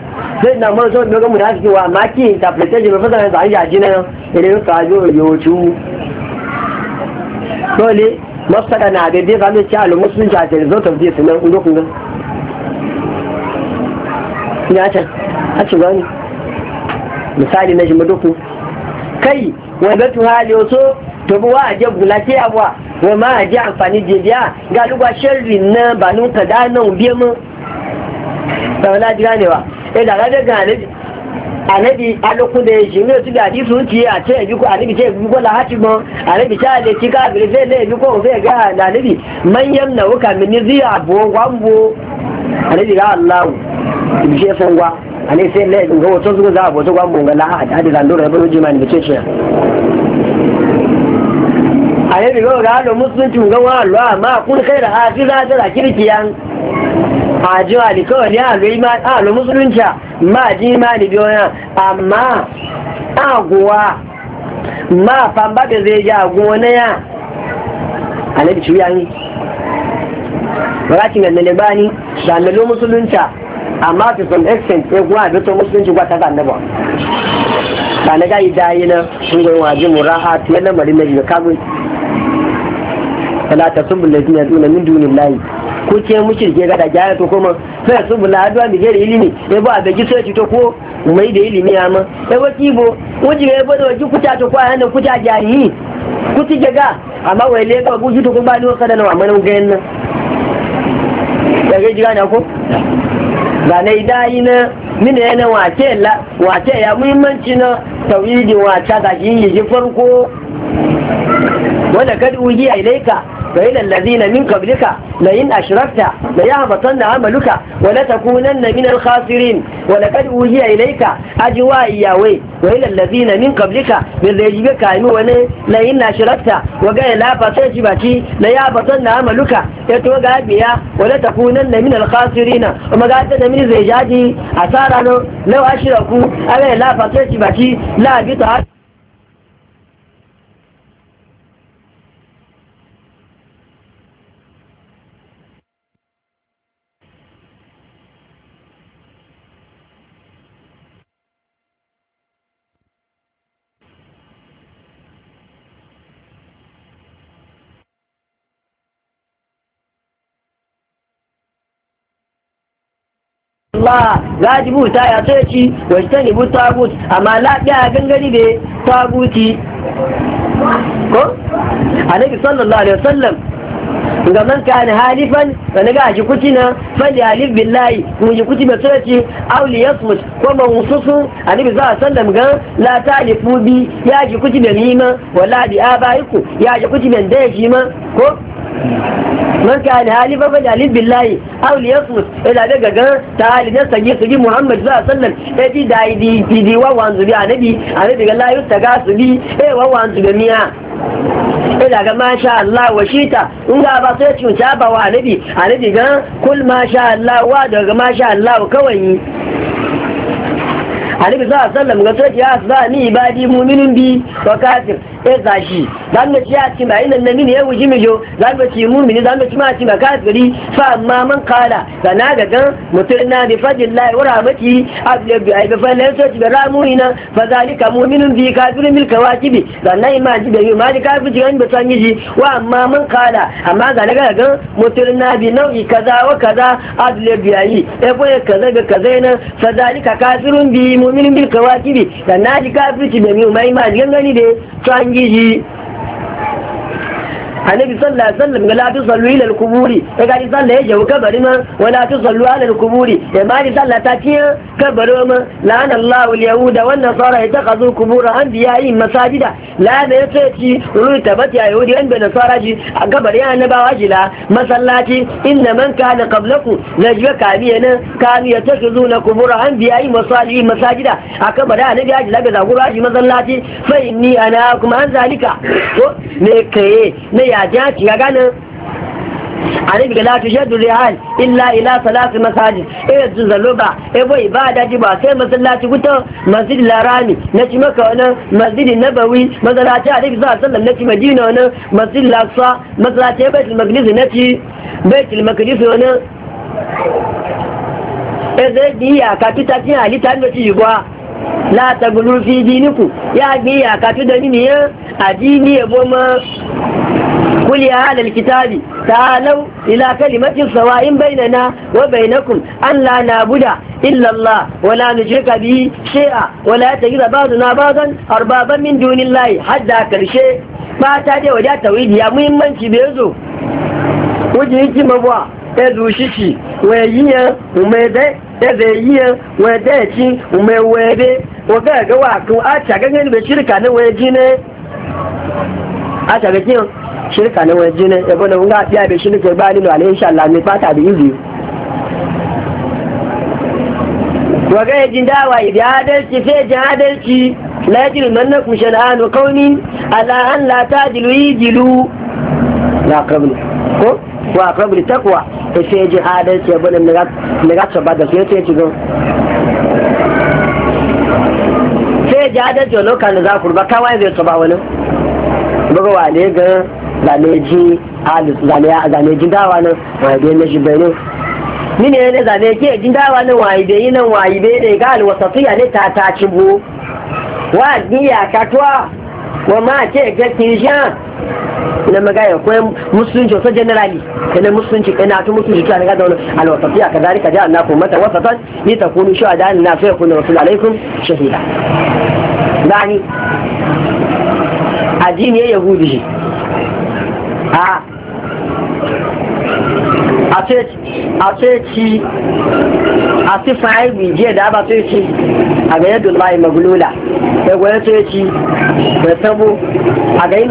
sai na mara zuwa biyo ga munafiki wa maki interpretation mafi zanen zai yaji na yau idan yau yau dole mafsada na da dai zanen ci alu musulunci a cikin zotar biyu sunan ulo gan ina can a ci gani misali na kai wani gatu hali wato to buwa a je gulake abuwa wa ma a amfani jibiya ga lugwa na ka da nan da wala ji ganewa eh da ga ne anabi ne su a ce bi anabi ce bi ko la hati mo anabi ta le ka bi bi ko ga da anabi man wuka min ziya bi ce gwa anabi le ga wato su za bo to gwambo ga la hati ji man bi ce shi anabi ga ga lo kun kirkiyan àjọ àdìkọ́ọ̀lì àlò mùsùlùmí máa jí máa nìbí ọ̀yàn àmà àgùwà máa fàmbá aguwa àgùn wọn náà alẹ́bì tí ó yá ní rakin annale ba ni da annalo amma san extent ya kuwa da to musulunci gwata ga ba na na sun mari na ta sun bulle min dunin layi ko ce mushrike ga da gyara to kuma sai su bula adwa bi ilimi e ba da ki sai to ko mai da ilimi ya e ba kibo wuji e ba da ki kuta to ko kuta kuti amma wai le ba buji to ko ba ni wa kada na amma nan ga da ga jira na ko ne mine la ya muhimmanci na tawidi wace da yi farko wala kad uhiya ilayka wa ila allazina min qablika la in ashrakta la yahbatanna amaluka wa la takunanna min al khasirin wa laqad uhiya ilayka ajwa iyawe wa ila allazina min qablika min zajiga kami wani la in ashrakta wa ga la fata jibati la yahbatanna amaluka ya to ga biya wa la takunanna min al khasirina kuma ga ta min zajaji asara no law ashraku ala la fata jibati la bi ta Allah za ji buta ya ce ci wa ta ne bu tagut amma lafiya gangari be taguti ko ga man ka na halifan da na ji shi kuti na fali halif billahi mu ji kuti ba tsoci auli yasmut ko man hususu annabi za a sallam ga la talifu bi ya ji kuti da ni ma wala bi abaiku ya ji kuti ban da shi ma ko man ka na halifan fali halif billahi auli yasmut ila daga ga ta halin sagi sagi muhammad za a sallam ya e ji da di di wa wanzu bi annabi annabi ga la yutta ga su bi eh wa wanzu da miya sai daga ma Allah wa shita in ga ba sai cuta ba wa a nabi ga kul ma sha Allah wa daga ma Allah kawai yi nabi sallallahu alaihi wasallam ga sai ya sa ni ibadi mu'minin bi wa kafir ya zashi zan da ci ya ci mai nan namini ya wuji jo zan da ci mumini zan da ci ma ci maka gari fa amma man kala sana ga gan mutum na bi fadin lai wa rahmati ablabi ai ba fallan so ci da ramuina fa zalika mu'minun bi kafirun bil kawakibi zan na ma ji da yi ma ji kafirci gan ba san yi wa amma man kala amma ga ga gan mutum na bi nau'i kaza wa kaza ablabi ai e ko kaza ga kaza na fa zalika kafirun bi mu'minun bil kawakibi zan na ji kafirci da yi ma ji gangani da san 一。annabi sallallahu alaihi wasallam ga lati sallu ila al-kuburi ya ga sallah ya jawo kabari ma wa lati sallu ala al-kuburi ya ma ni sallah ta tiya kabari ma an Allah al-yahud wa an-nasara yatakazu kubur anbiya'i masajida la da yace ci ruwi tabati ya yahudi an da nasara ji a kabari ya na annabawa jila masallaci inna man kana qablaku najwa kamiyana kanu yatakazuna kubur anbiya'i masajidi masajida a kabari annabi ajila ga zagura ji masallaci fa inni ana kuma an zalika to ne kai ne ya ja ci ga ganin anabi ga latu shaddu rihal illa ila salatu masajid eh zuzalo ba e bo ibada ji ba sai masallaci kuto masjid larami na ci maka wannan masjid nabawi masallaci anabi sallallahu alaihi wasallam na ci madina wannan masjid laqsa masallaci baitul maqdis na ci baitul maqdis wannan eh zai ya ka tuta tin halita ne ci gwa la ta gulu fi ku. ya biya ka da ni ne adini ya boma. قل يا أهل الكتاب تعالوا إلى كلمة سواء بيننا وبينكم أن لا نعبد إلا الله ولا نشرك به شيئا ولا تجد بعضنا بعضا أربابا من دون الله حتى كرشي فاتا دي وجاء توحيد يا مهم من تبيزو وجهي تمبوا ezu shishi weyiya umede ezeyiya wedeci umewede ogaga wa ku acha gangen be shirka ne weji ne acha ga kiyo shirka na waje ne ya bane wunga ya bai shirka ba ni no alai insha Allah ne fata bi izi waga ya jin dawa idan adalci sai jin adalci la yajil mannakum shan'anu qaumin ala an la tadilu yijilu la qabl ko wa qabl taqwa sai jin adalci ya bane ne ga tsaba da sai ya ci go sai jin adalci lokacin da za ku ba kawai zai tsaba wani bugawa ne ga zaleji alis zalejin dawa nan waye na bai ne mini ne ke jin dawa nan waye bai nan waye bai ne ga alwasatiya ne ta ta ci bu wa diya katwa wa ma ce ga tijan na magaya ko musulunci wasu generali kana musulunci na tu musulunci kana ga ka alwasatiya na ku mata wasatan shi shuhada an na fiye yakunu wasu alaikun shahida yani addini ya yahudi a a sifa aibi jiya da ba sai ci a ga yadda Allah maglula da gwaye sai ci da sabo a ga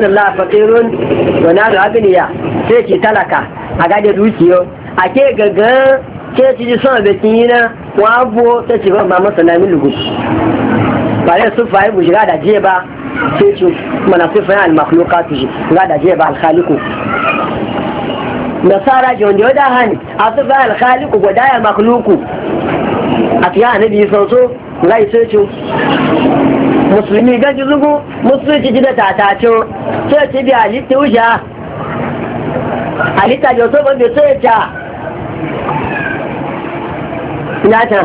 talaka a ga da dukiyo a ke gaga sai ci ji sama da kinina wa abuwa sai ci ba ma masa namin lugu ba ne sun fahimu bu shiga da je ba sai ce mana sun yi al-makhluka tu shi shiga da je ba al nasara ji wanda wada hani a sun yi al-khaliku gwada ya makhluku a fiye annabi sau so rai sai ce musulmi gaji zugu musulunci ji da tatacin sai ce bi halitta wuja halitta da wasu ba bai sai ta ina ta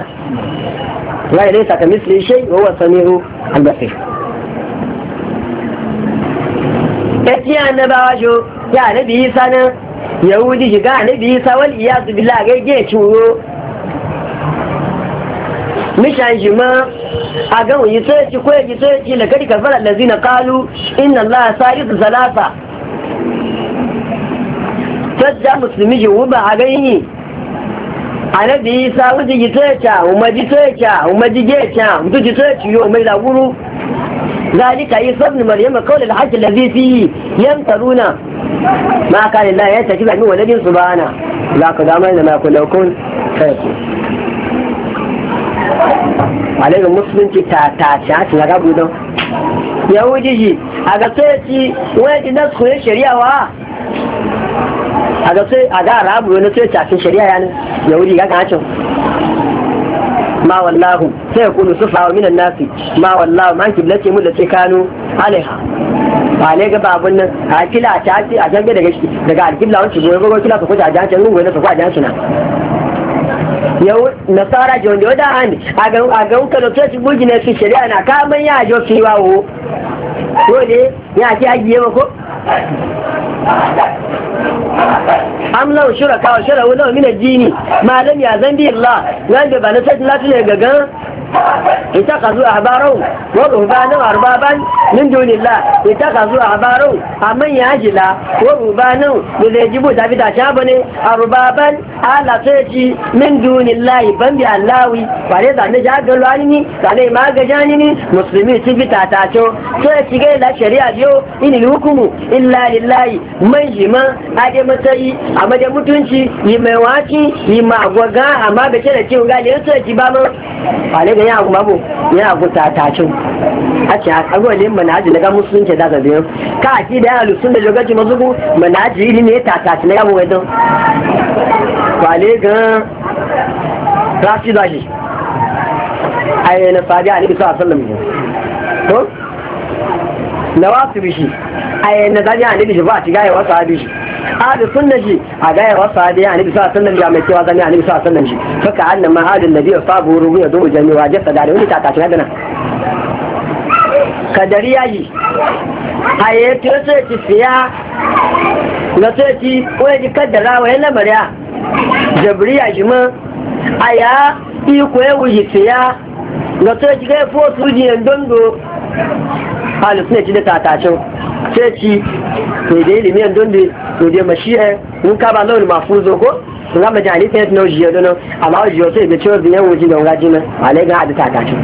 لا ليس كمثله شيء وهو السميع البصير gaskiya annabawa jo ya annabi isa nan yahudi shiga annabi isa wal iyazu billah ga ge curo mishan shi ma a ga wani sai ci ko yi sai ci la kadi kafara allazina qalu inna allaha salisu salasa sajja muslimi ji wuba a ga yi anabi isa wuti jitoecha umajitoecha mutu mtu jitoechi yo umaila guru ذلك عيسى ابن مريم قول الحج الذي فيه يمترون ما كان الله يتكلم عنه ولد سبحانه لا قد عملنا ما كنا وكن فيكون علينا مسلم تا تا شات لا غبو دو يهودي جي aga sai ci wani na koyi shari'a wa aga sai aga arabu ne a ta shari'a ne. yahudi ga kan ma wallahu sai ya kunu sufa wa minan nasi ma wallahu ma kiblati mu da tsakanu alaiha ba ne ga babun nan a kila ta ce a jange daga shi daga alkibla wanci goyi gogo kila su kuta a jancin rungu na su kuwa jancin na yau nasara ji wanda wadda an a ga a ga ka da tsoci burgi na su shari'a na kaman ya jo wa wawo dole ya ce ajiye ba ko am lau shuraka wa shara wani amina jini malam ya bi Allah nan da ba na sai lati ne gaga ita ka zuwa habarau wa rubanan arbaban min la ita ka zuwa habarau amma ya jila wa rubanan da zai jibo ta bi ta sha bane arbaban ala sai min dunillah ban bi allawi ba ne zane ja ga lwani zane ma ga jani ni musulmi ci bi ta ta ce sai ci shari'a yo in hukumu illa lillahi man yi ma a dai matsayi a madan mutunci yi mai waci yi ma agwaga amma bai ce da ce ga da yanzu ki ba ma ale ga ya kuma mabu ya ku ta ta cin a ce a kago ne manaji daga musulunci da ga biyo ka a ki da ya sun da jogaji mazugu manaji iri ne ta ta cin ya bo wai don ale ga rashi da shi ayyana fadi a ne bisa a wasallam ne na wasu bishi a yana zaji a nabi ba a ci gaya wasu abi shi ahli sunna shi a gaya wasu abi a nabi sa sallam ya mai cewa zani a nabi a sallam shi faka annan ma ahli nabi ya sabu rubu ya zo jami'a jasa da wani ta tashi hadana kadari yayi a yi tiyo ya ci siya na sai ci ko ya ji kaddara wa yana mariya jabriya shi ma a ya iko ya wuji siya na sai ci ga ya fosu jiyan dondo ahli ne ci da tatacin sai ci to da ilimi yan don da to da mashi'a in ka ba lawul mafuzo ko sun ga majali sai na jiya don amma yi sai da cewa biyan wuji da ngaji na alai ga da tatacin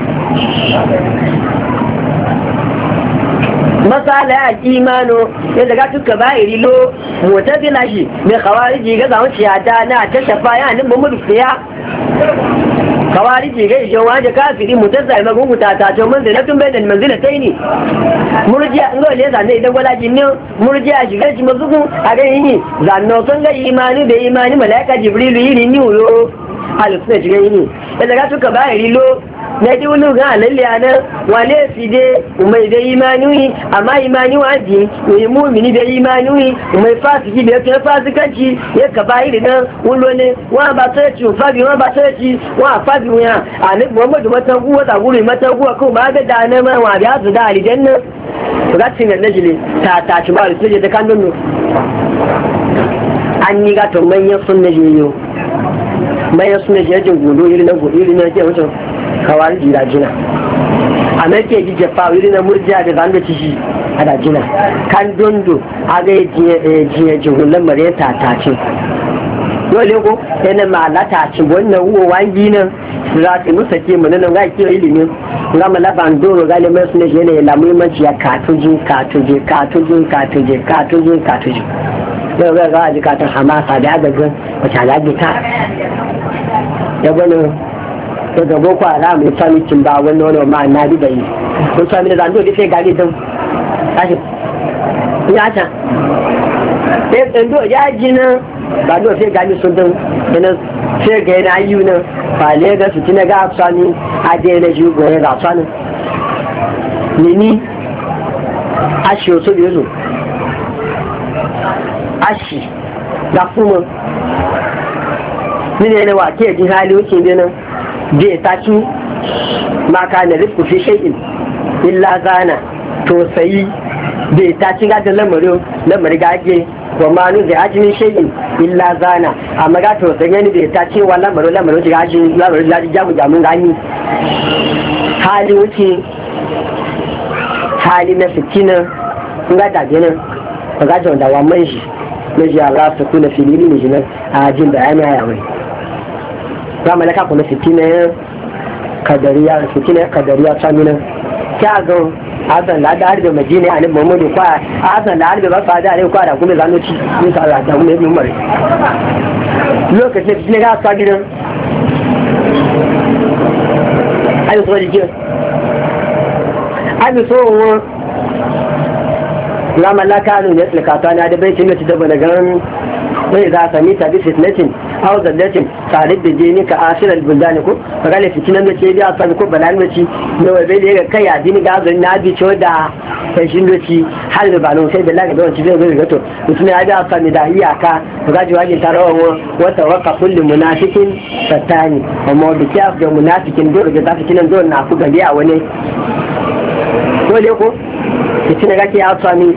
masala ya imano ya daga tuka iri lo mota bilashi mai khawariji ga zaun ciyata na ta shafa ya nan mu murfiya kawariji gai je waje kafiri mutazza ma gungu ta ta to manzila tun bai da manzila tai ne murjiya ngo le zanne idan wala jinni murjiya shi gai ji mazugu a gai yi zanno sun ga imani da imani malaika jibrilu yi ni uyo alusuna shi gai yi da daga suka bayari lo na ji wani ga lalle a nan wale fi de mai da imaniwi amma imaniwa ji mai mumini da imaniwi mai fasiki da yake fasikanci ya ka bayi da nan wulo ne wa ba sai ci fa bi wa ba sai ci wa fa wa ani muhammadu mata guwa da guri mata guwa ko ma ga da nan ma wa biya su da ga cin da najili ta ta ci ba su da kan an yi ga to manyan sunna jeyo manyan sunna jeyo jin gudu irin na gudu irin na ke kawai jira jina a mace ji jafa wuri na murjiya da zan ci a da jina kan dondo a ga jiye jihunan mare ta ta dole ko yana ma lata wannan uwa wangi nan za su musa ke mana nan ga kira ilimin ga mu laban doro ga ilimin su ne yana la muhimmanci ya katuji katuji katuji katuji katuji katuji da ga ga ji hamasa da ga ga wata ya gwanin gabo ko haram ya sami cin ba wani wani ma na bi bai ko sami da zando da sai gari dan ashi ya ta eh ndo ya jina ba ndo sai gari sun dan dan sai ga yana yi nan ba le ga su tina ga sami a je na ji gore ga sami ni ni ashi o so bi zo ashi da kuma ni ne wa ke ji hali wuce bi na. da ya tashi maka na rifku fi shay'in illa zana to sayi da ya tashi ga da lamarin gage wa manu da ajin shay'in illa zana amma ga to sai ne da ya tashi wa lamarin lamarin da ajin lamarin da jamu jamu gani hali wuce hali na fitina ga da gina ga da wa manji manji Allah su kuna filili ne jinan a jin da yana yawai za mu laka kuma fitina kadariya fitina kadariya tsamina kya ga azan la da harbe madina ali muhammadu kwa azan la harbe ba fa da ali kwa da kuma zanu ci ni sa da kuma ibn umar lokacin fitina ga gidan ayi so jike ayi so wa la malaka ne ne tsaka ta ne da bai cin da daga wai za ka mita bi fitnatin aw zallatin talib bi dinika asir al buldan ko fagale fitinan da ce biya san ko balan da ci ne wai bai da kai ya dini ga zan na bi ce da sai shin da ci har da balon sai da laga da wanci zai zai gato mutum ya da san da iyaka fagaji wajin tarawa wa tawaqqa kullu munafiqin fatani amma bi kiyaf da munafiqin dole da zafi kinan dole na ku gari a wani dole ko fitina gake ya sami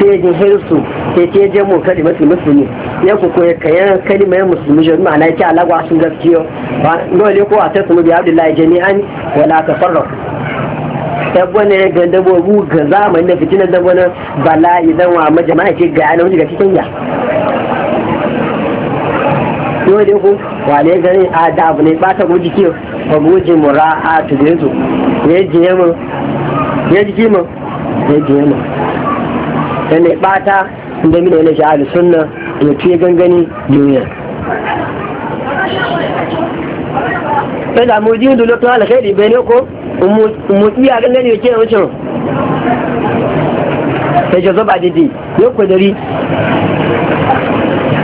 sai ya jin hirsu sai ke je mu kalimatu musulmi ya ku koyi kayan kalima ya musulmi je ma na ki alagwa sun gaskiyo ba dole ko a tasu bi abdullahi jami'an wala tafarraq ne ga dabobu ga zamanin da fitinar dabbana bala idan wa majama'a ke ga ana wani ga cikin ya dole ku wale ne a da abu ne bata goji kiyo ba goji mura a tudezu ya jiye mu ya jiki mu ya jiye mu ta ne bata inda mina yana shi ahli sunna da tuye gangani duniya sai da mu ji da lokacin alkhairi bai ne ko mu iya gangani da ke wucin sai ke zaba didi yau kudari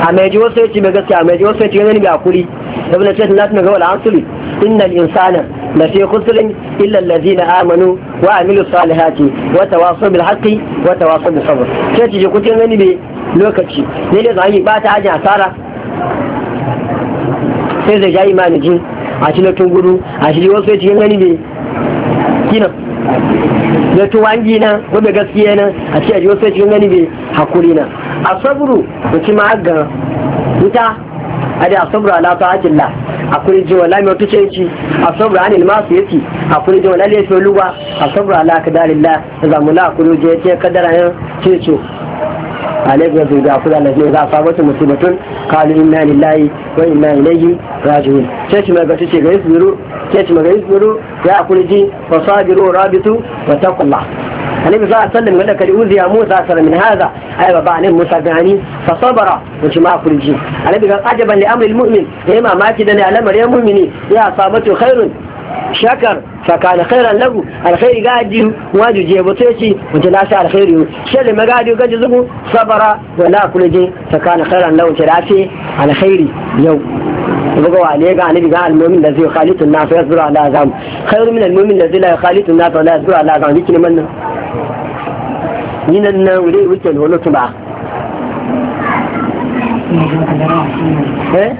a mai ji wasu ya ci mai gaskiya a mai ji wasu ya ci gangani bai akuri da bin da ce na tuna ga wala an suli innal insana da fi kusurin illan lazi na amanu wa amilu salihati wata wasu bil haƙi wata wasu bil sabur sai ci jikutun gani ne lokaci ne ne zai ba ta ajiyar asara sai zai jayi manajin a shi na gudu a shi yiwu sai cikin gani ne kina da tuwangi na gobe gaskiya na a cikin yiwu sai cikin gani ne hakuri na a saburu ci agan wuta ade a sabra ala ta ajilla a kuri jiwa lami wata ce ci a sabra anil masu yaki a kuri jiwa la ya luwa a sabra ala ka dalila da zamula a kuri jiwa ya kadara yin ceco a lagos zai da kuri alaɗe za a sabo ta musulmatun kalu inna lillahi wa inna ilayhi rajiun sai shi magatu ce ga yi tsoro sai shi magatu tsoro ya a kuri ji wa sabiru rabitu wa takwallah annabi sallallahu alaihi wasallam kada kadi uziya musa sallallahu min hadha ai ba banin musa gani fa sabara wa jama'a kulji annabi ga ajaban li amri almu'min yayi mamaki da ne alamar ya mu'mini ya samatu khairun shakar فكان خيرا له الخير قاعد واجو جي بوتيشي وتلاشى الخير شل ما قاعد يقعد a ولا كل جي فكان خيرا له تلاشى على خير يوم بقوا عليه قال النبي قال المؤمن الذي يخالط الناس ويصبر على أذام خير من المؤمن الذي لا يخالط الناس ولا يصبر على أذام ذيك من من النوري وكل هو تبع ايه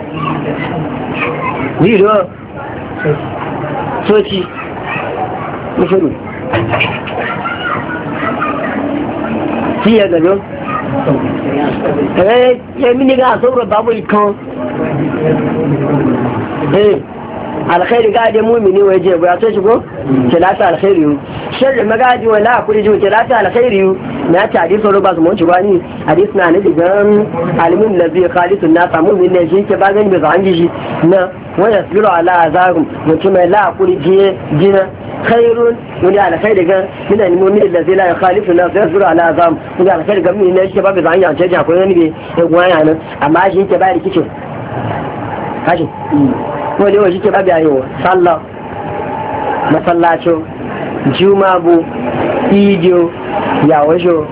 ليه صوتي مشهور في هذا اليوم ايه يا مني قاعد صورة بابو يكون eh alkhairi gaje mumini wai je ya sai shigo talata alkhairi yu shirin magaji wala akuri ju talata alkhairi yu na ta hadisi wani ba su mun shigo ni hadisi na ne daga alimin zai khalisu na samu min ne shi ke ba gani bai zangi shi na wa yasbiru ala azarum mutum la akuri je jina khairun wani alkhairi ga min da zai la khalisu na yasbiru ala zamu wani alkhairi ga min ne shi ke ba zan zangi an ce ja ko ne ne ya gwaya nan amma shi ke ba rikicin kashi wani yawan shi ke babu yayo sallah masallacin jumabu idiyo yawajo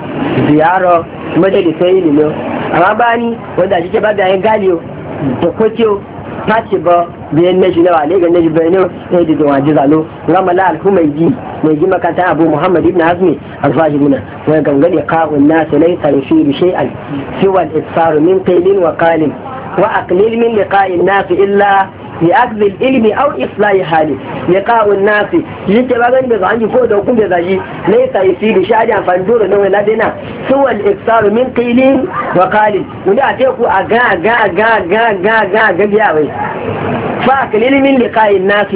ziyaro majalisar ilimin amma bani wanda shi ke babu yayin galiyo da kwakiyo tashi ba biyan naji na wale ga naji bayanin sai da zuwa ji zalo ramala alhumaiji mai ji makanta abu muhammad ibn azmi alfashi muna wani gangade ka'un nasu lai tarfi bi shay'an siwal isaru min qailin wa qalin وأقليل من لقاء الناس إلا لأخذ العلم أو إصلاح حالي لقاء الناس يجب بغن بغن عندي فوق دوكم بذاجي ليس يفيد شعري فاندور نوع لدينا سوى الإكثار من قيلين وقال ولا أتيكو أغا أغا أغا أغا أغا أغا أغا أغا أغا فأقليل من لقاء الناس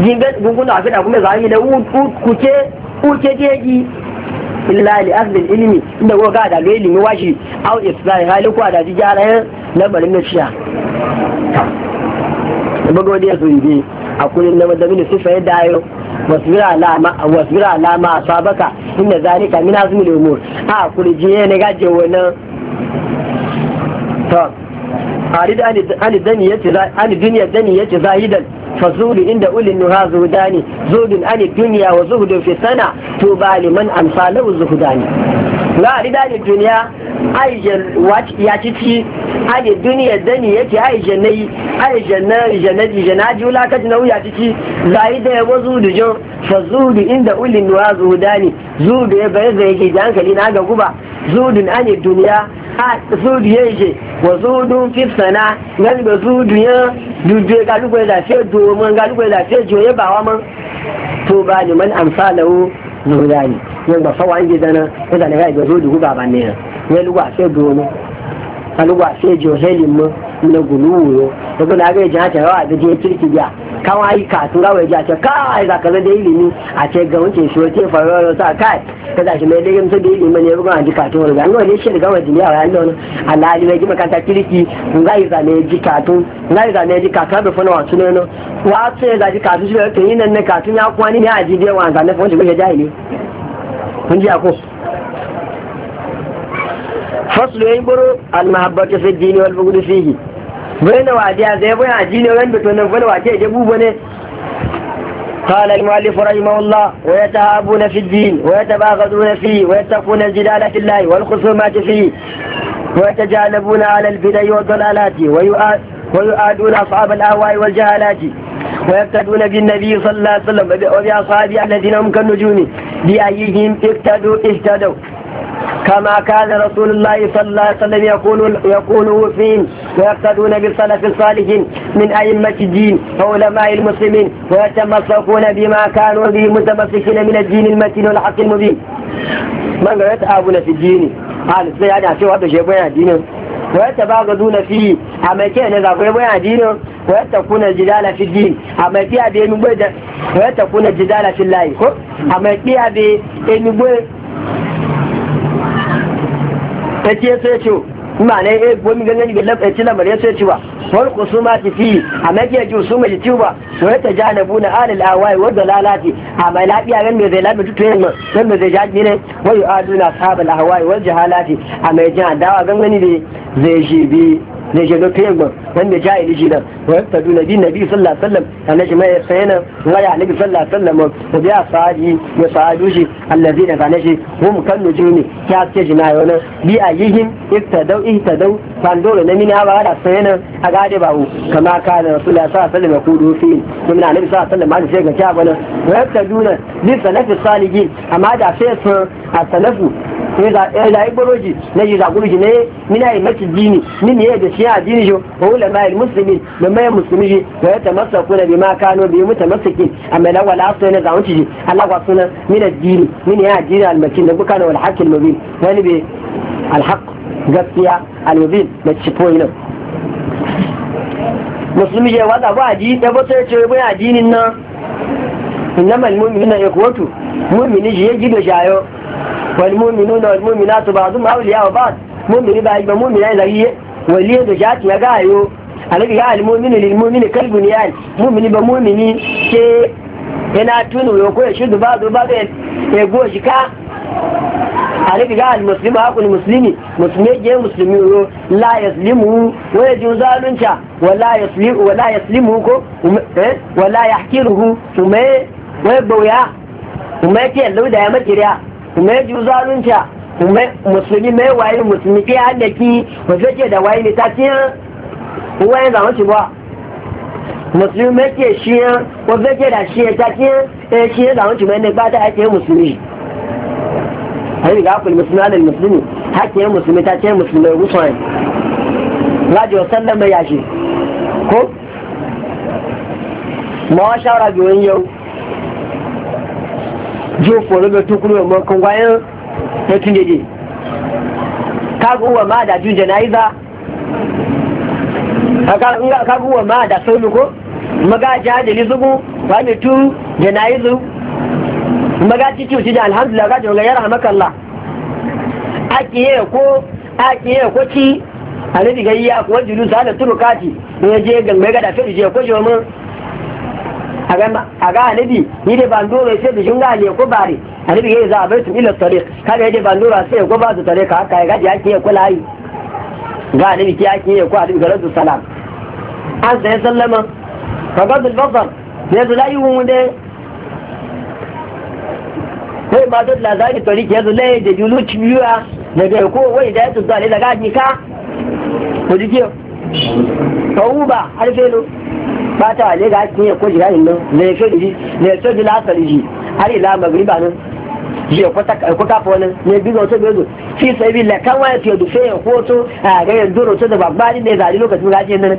جنجد بقول عفيد أقوم بذاجي لو كوكي كوكي illa li ahli ilmi inda go ga da mi washi au israi haliku da ji jara yan barin na ciya bago da su yi a kullun na madamin sifa yadda ayo wasbira lama wasbira lama sabaka inda zalika min azmi al umur a kurje ne ga je wannan to ani dani أن ani أن dani الدنيا zahidan فزول عند أولي النهى زهدان زهد عن الدنيا وزهد في السنة توبى لمن أنفاله زهدان لا أريد عن الدنيا أيجل وات ياتي عن الدنيا دني يتي أيجل ني أيجل ني جنة جناج ولا كتنو ياتي زايد وزهد جو فزول عند أولي النهى زهدان زهد يبقى يزيكي جيدان كلين أجا zudun ane duniya a zudu ya je wa zudun fi sana gani ba zudu ya duje galukwai da fiye domin galukwai da fiye joye ba wa man to ba ni man amsa lawo zurani yan ba fawa dana gidana ya yi ga zudu guba ba ne ya luwa fiye domin alugwa sai johelin mu na guluwo na ga jihar ta da je kirki biya yi ka tura wai ja ce Kawai za ka da ilimi a ce ga wuce shi wace fararo sa kai ka za shi mai da ilimi ne shi daga wajen yawa an don Allah ne ji makanta kirki yi za ne ji ka yi za ne ji ka ka wasu ne no wa ce za ji ka to shi da yin nan ne ka tun ya kwani ne a ji da wa za ne fona shi ga jahili kun ji فصل يبرو المحبة في الدين والبغض فيه بين وعديا زي بين الدين وين بتون بين وعديا جبوا بني قال المؤلف رحمه الله ويتهابون في الدين ويتباغضون فيه ويتقون الجدال في الله والخصومات فيه ويتجانبون على البدع والضلالات ويؤادون أصحاب الأهواء والجهالات ويقتدون بالنبي صلى الله عليه وسلم وبأصحابه الذين هم كالنجوم بأيهم اقتدوا اهتدوا كما كان رسول الله صلى الله عليه وسلم يقول يقول فيهم ويقتدون بالسلف الصالح من أئمة الدين وعلماء المسلمين ويتمسكون بما كانوا به متمسكين من الدين المتين والحق المبين من يتعبون في الدين قال سيدنا شو هذا شيء بين الدين ويتباغضون فيه أما كان إذا بين الدين ويتكون الجدال في الدين أما كي أبي ويتكون الجدال في الله أما كي أبي matacce sai ce ma'ana eh, eh, ya yi gomi gangan ga lafaci lamar ya ci ba farko su ma ti fi a ya ji su mai ci ba su ya ta ja na buna alil awai wadda lalati a mai lafiya ran mai zai lafi tutu yin ma ran mai zai ja ne wai aduna sabal ahawai wal jahalati a mai jin adawa gangani da zai shi bi zai shi lotu yin ma wanda ja jahili shi nan wai ta duna bi nabi sallallahu alaihi wasallam annabi mai sayana waya nabi sallallahu alaihi wasallam da biya sahabi ya sa'adu shi allazina kana shi hum kanu jini ya ce jina yana bi ita dau ihtadaw fan dole ba da sayana a gade kama ka da rasulullahi sallallahu alaihi wasallam ya kudu fi kuma na nabi sallallahu alaihi wasallam sai ga kya bana wa yaqtaduna li salafi salihin amma da sai su a salafu sai da eh da ibroji ne ji da guruji ne mina yi maki dini min ne da shi a dini jo wa ulama al muslimin da mai muslimi ji wa yatamassaku bi ma kanu bi mutamassikin amma la wala sai ne zawunci ji Allah wa sunan min ad dini min ya dini al makin da bukana wal hakil mubin wani bi al haqq gaskiya almubin da cifoyi nan musulmi je wata ba aji ya ba ya ce bai addinin nan innamal mu'minuna yakwatu mu'mini je gido shayo wal na wal mu'minatu ba'dhum awliya wa ba'd mu'mini ba ba mu'mina yi waliye da jati ya gayo alabi ya al mu'minu lil mu'mini kal bunyan mu'mini ba mu'mini ke yana tunu yo ko ya shudu ba zo ba ga ya goshi ka ale ga al muslimu aqul muslimi muslimi musulmi muslimi ro la yaslimu wa yaju zalunta wa la yaslimu wa la yaslimu ko eh wa la kuma wa bawya kuma ke ya makiriya kuma yaju zalunta kuma muslimi mai waye muslimi ke hadaki wa take da waye ne ta tiyan wa yanzu an ci ba muslimi ke shiyan wa take da shiyan ta tiyan eh shiyan da an ci mai ne ba ta ake musulmi. hari ga akul musulmi alal musulmi hakiyar musulmi ta ce musulmai rusuwan rajiyo sallan bai yashi ko ma wa shawara biyoyin yau jiyo foro bai tukuru kan makon gwayan ya tun ka guwa ma da jun jana'iza kaguwa ma da sauni ko magaja da lizugu wani tun jana'izu magaci ci da alhamdulillah gaji ga yara maka Allah akiye ko yi ko ci a rufi diga ya ko jiru sa da kati ne je gangbe ga da fi je ko jomu a ga anabi ni da ban ya sai da shunga ne ko a rufi ya za a bai tun ila tariq kaga da ban dora sai ko ba su tare ka haka gaji yi ko layi ga anabi ki yi ko anabi ga raddu salam an sai sallama ka gabin basar ne da layi mun dai kai ma zaki tori ke zo lai da julu cibiya daga ko wai da su zale daga jika ko dike ko ba alfelo ba ta ale ga kin ko jira inno ne so di ne so di la sari ji ari la magriba nan ji ko ta ko ka fo nan ne bi zo to bezo fi sai bi la kan waya to du fe ko to a ga yan duro to da babba ne zali lokacin ga ji nan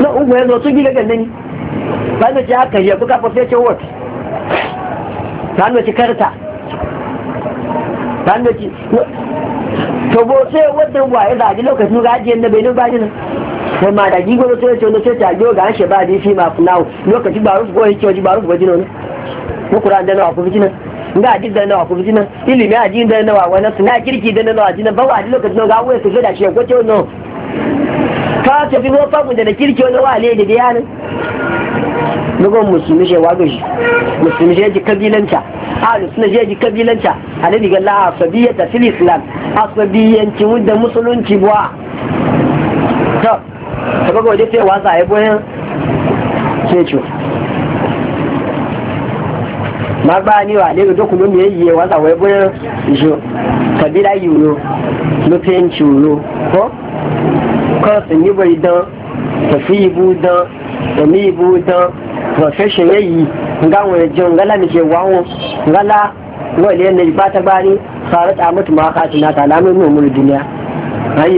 na ugo zo to bi ga ganin ba ne ji haka je ko ka fo sai ce wata tán lọ sí kẹrìtà tán lọ sí to bo sai wadda ya zaji lokacin ga ajiyar na benin ba nan sai ma da gigo da sai tono sai ta tajo ga shi ba di fi ma funawo lokaci ba rufu ko yake ba rufu gwaji nan ko kuran da nawa ku fitina ga ajin da nawa ku fitina ilimi ajin da nawa wani suna kirki da nawa ajin ba wa lokacin ga waye su da shi ya ce wannan ka tafi ko fagun da kirki wani wale da bayanin nugon musulmi je wago shi musulmi shi ya ji kabilanta ahlu sunna je ji kabilanta annabi ga la ta fili islam asabiyanci wanda musulunci ba to kaga waje sai wasa ya boyan sai ciwo ma ba ni wa ne duk mun yi yi wasa wai boye jo kabila yuro mutunci yuro ko ko sun yi bai dan tafi ibu dan ɗami ibu dan profession ya yi ga wani jin gala ne ke wawo gala wale yana yi bata bari fara ta mutu ma ka tuna ta lamun mu mun duniya an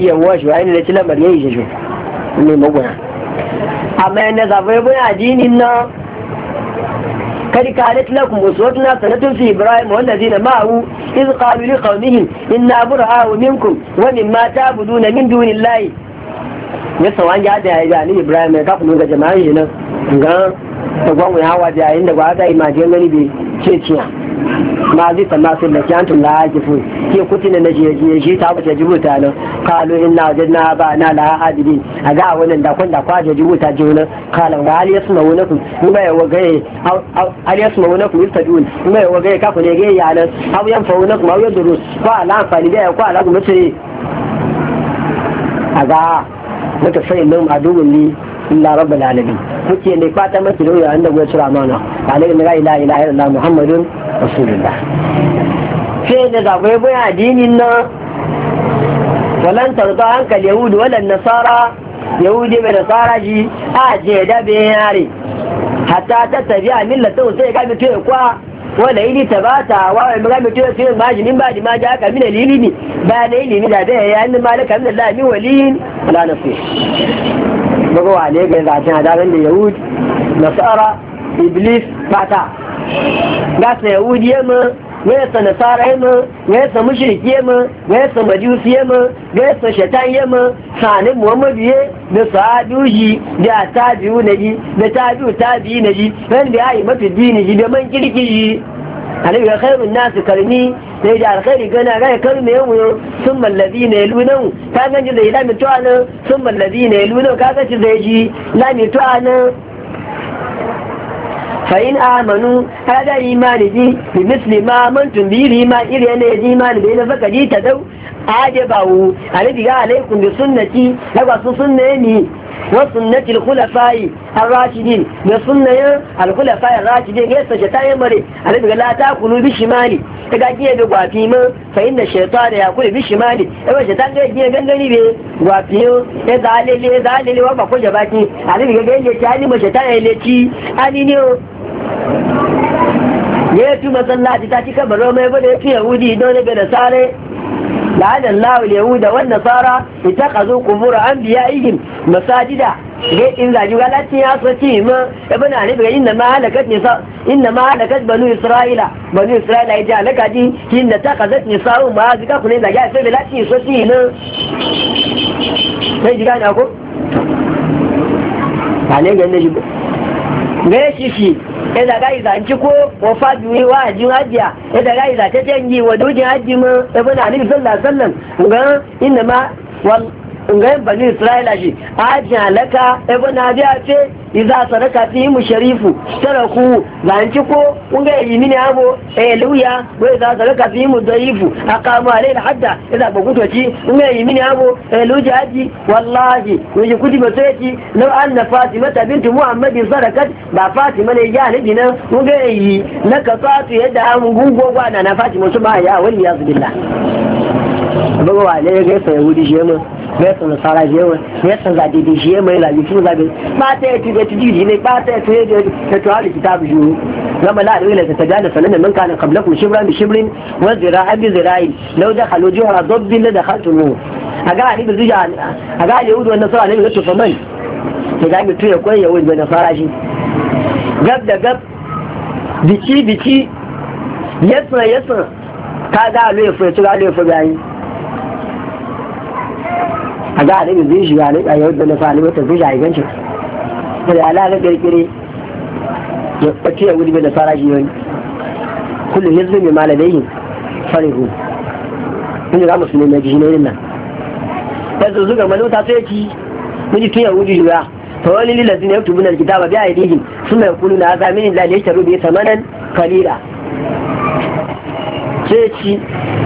yi yawa shi wani ne ci lambar ya yi shi shi ne magwana amma da zafi yabo ya dini na kari kare tilak musuwatu na sanatun su ibrahim wanda zina ma'u iz qalu li qawmihim inna bura'a minkum wa mimma ta'buduna min dunillahi ya sawan ya da ya ni ibrahim ya kafin ga jama'a shi nan ga da gwanwa ya hawa da yayin da ba ga imajin gani bai ce ciya ma zai sama su da kyantun la haji fun ke kutina na shi shi ta bace ta nan kalu inna na ba na la hadidin a ga wannan da kun da kwaje ji juna kalan ga aliyas na wani ku kuma ya wagaye aliyas na wani ku yustadun kuma ya wagaye kafu ne ga yalan abu yan fa wani kuma ya duru Kwa alamfani amfani da ya kwa la kuma a ga muka sai nan aduwun ni illa rabbal alamin kuke ne fata maki da yayin da ya cira mana alaihi la ilaha illa allah muhammadun rasulullah sai da zagoye boya addinin nan walan tarda hankali yahudi walan nasara yahudi bai nasara ji a je da bayan yare hatta ta tabi'a millatu sai ga mutu kwa wanda ta tabata wa mai magana mutum sai ma jinin ba ma ja ka mina lilimi ba da ilimi da da ya ni malaka min Allah min waliyin la nafi daga wa ne ga zatin hadaran da yahud nasara iblis fata gasa yahudi yamma yasa nasara ya ma yi mu ya majusi yi mu ya yasa wayarsa shaitan ya ma sanin muhammadu ya da sa'adu shi da tabi'u na ji da tabi'u tabi'i na ji ran da yayi mafi dini ji da man kirki ji alaihi ya khairun nasu karni sai da alkhairi gana ga kar me yawo sun mallabi ne lunan ka ganji da ilami to anan sun mallabi ne lunan ka ganji da ji lami to anan fa'in amanu hada imani ji bi misli ma mantum bi ma iri yana ji imani da yana faka ji ta dau aje bawu a alaikum bi sunnati na su sunne ni وسنة الخلفاء الراشدين وسنة الخلفاء الراشدين هي سجتاء مري أنا بقول لا تأكلوا بشمالي إذا جيه بقوافيما فإن الشيطان يأكل بشمالي إذا الشيطان غير جيه غنغني بي قوافيما إذا علي لي إذا علي لي وما كوجة باكي أنا بقول غير لي تاني ما شيطان لي تي أني نيو يأتي yi tu masallaci ta cika baro mai bane ya fi yahudi لعن الله اليهود والنصارى اتخذوا قبور أنبيائهم مساجدا in zaji walatin ya soci ma inna ma halakat nisa inna ma halakat banu isra'ila banu isra'ila ya ji halaka ma ya ji me shishi gai daga izanci ko wa fajiyoyi wa ji e da gai daga izace canji wa dojin hajji ma ibn alif sallallahu alaihi wasallam ga inna ma wal ga bani isra'ila shi hajjin alaka ibn e abiya ce iza sadaka mu sharifu taraku zanci ko kun ga yi mini abo eh luya ko iza sadaka tihimu dhaifu aqamu alayhi hadda iza ba gutoci kun ga yi mini abo eh lujaji wallahi yaji ji kudi sai law anna fatima binti muhammad sadakat ba fatima ne ya nabi nan kun ga yi ka fatu yadda an gugo gwana na fatima su ba ya wali ya zubillah bago wa ne ga sai wuri jema ga sai nasara jema ga sai zadidi jema ila yufu zabe ba ta yi ya ci jiri ne ba ta to ya ta to hali kitabu ju lama la ilaha illa tajala sanan man kana qablakum shibran bi shibrin wa zira'a bi zira'in law dakhalu juhra dabbi la dakhaltumuhu aga ali bi zuja aga ali yudu wannan sura ne ga to faman to ga mi tuya koyi yawon da fara shi gab da gab biki biki yasa yasa ka ga alo ya fura ci ga alo ya fura yayi a ga ali bi zuja ne a yawon da na fara ne wata zuja a gancin da alaka kirkire ya ɓace ya wuri da fara shi yoyi kullu hizbi mai malamai farihu kun yi ramus ne mai jini nan ya zuzu ga malota sai ki miji tun yahudi shiga tawali lillazi ne yutubu na kitaba bi aidihim suna yakulu na azamin la ya sharu bi samanan kalila sai ki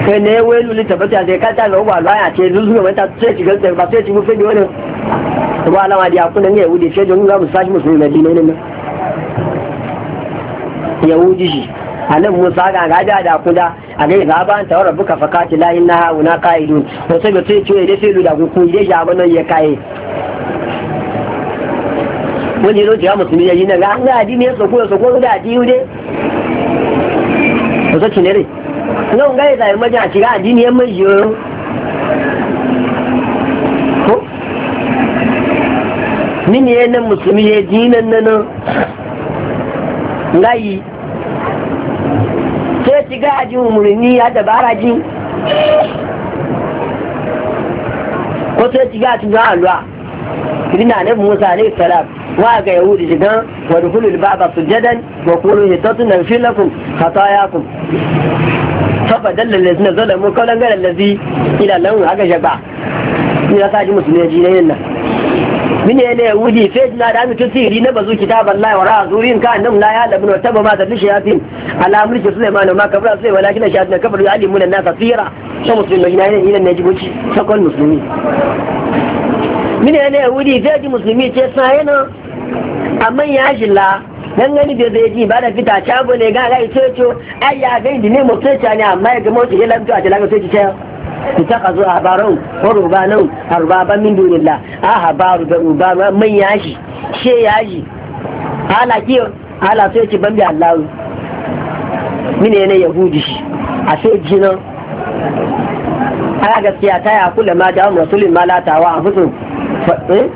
kai ne wailu li tabata sai ka ta ga ubalaya ce zuzu ga mata sai ki ga ba sai ki mu fi wani ba alama da àtàwọn aláwàdí akúnlẹ̀ ní ẹ̀wúdí ṣẹ́jọ ń gbà musa mùsùlùmí mẹ́bí nan yahudi shi a nan musa ga gaja da kuda a gai ga ban ta wara buka fakati lahin la inna hauna qaidun to sai mutai ce da sai da kuku ku ide ja nan ya kai wani lo ya musulmi ya yi na ga ga di ne so ko so ko da di ude to sai ne re nan ga da maja ci ga di ne mai yo mini ye nan musulmi ye dinan nan ngayi sai shiga ajin umarni ya dabara ji ko sai shiga a cikin alwa kirina na musa alayhi salam wa ga yahudi shigan wa dukhulul baba sujadan wa qulu hitatun nafsi lakum khatayakum fabadal ladzina zalamu qawlan ghayra allazi ila lahu haka shaba ni ya sa ji musulmi ji ne nan mine ne wudi sai na da mutu siri na bazu kitaban la wara zurin ka annam la ya labnu taba ma tadli shayatin ala mulki sulaiman ma kabra sai walakin shayatin kafaru ya alimun an nasa sira so musulmi ne ne ne jibuci sakon musulmi mine ne wudi sai ji musulmi ce sai na amma ya shilla dan gani da zai ji ba da fita cabo ne ga ga ito ai ya ga ne mutunta ne amma ya ga mutunta ya lafiya a lafiya sai ci ta اتخذوا أحبارهم ورهبانهم اربابا من دون الله أحبار ورهبان من ياجي شيء ياجي على كيو على سيتي بمبي الله من هنا يهودي أسيت جنا على قصيا تايا كل ما جاءهم رسول ما لا تاوا أنفسهم ف... إيه؟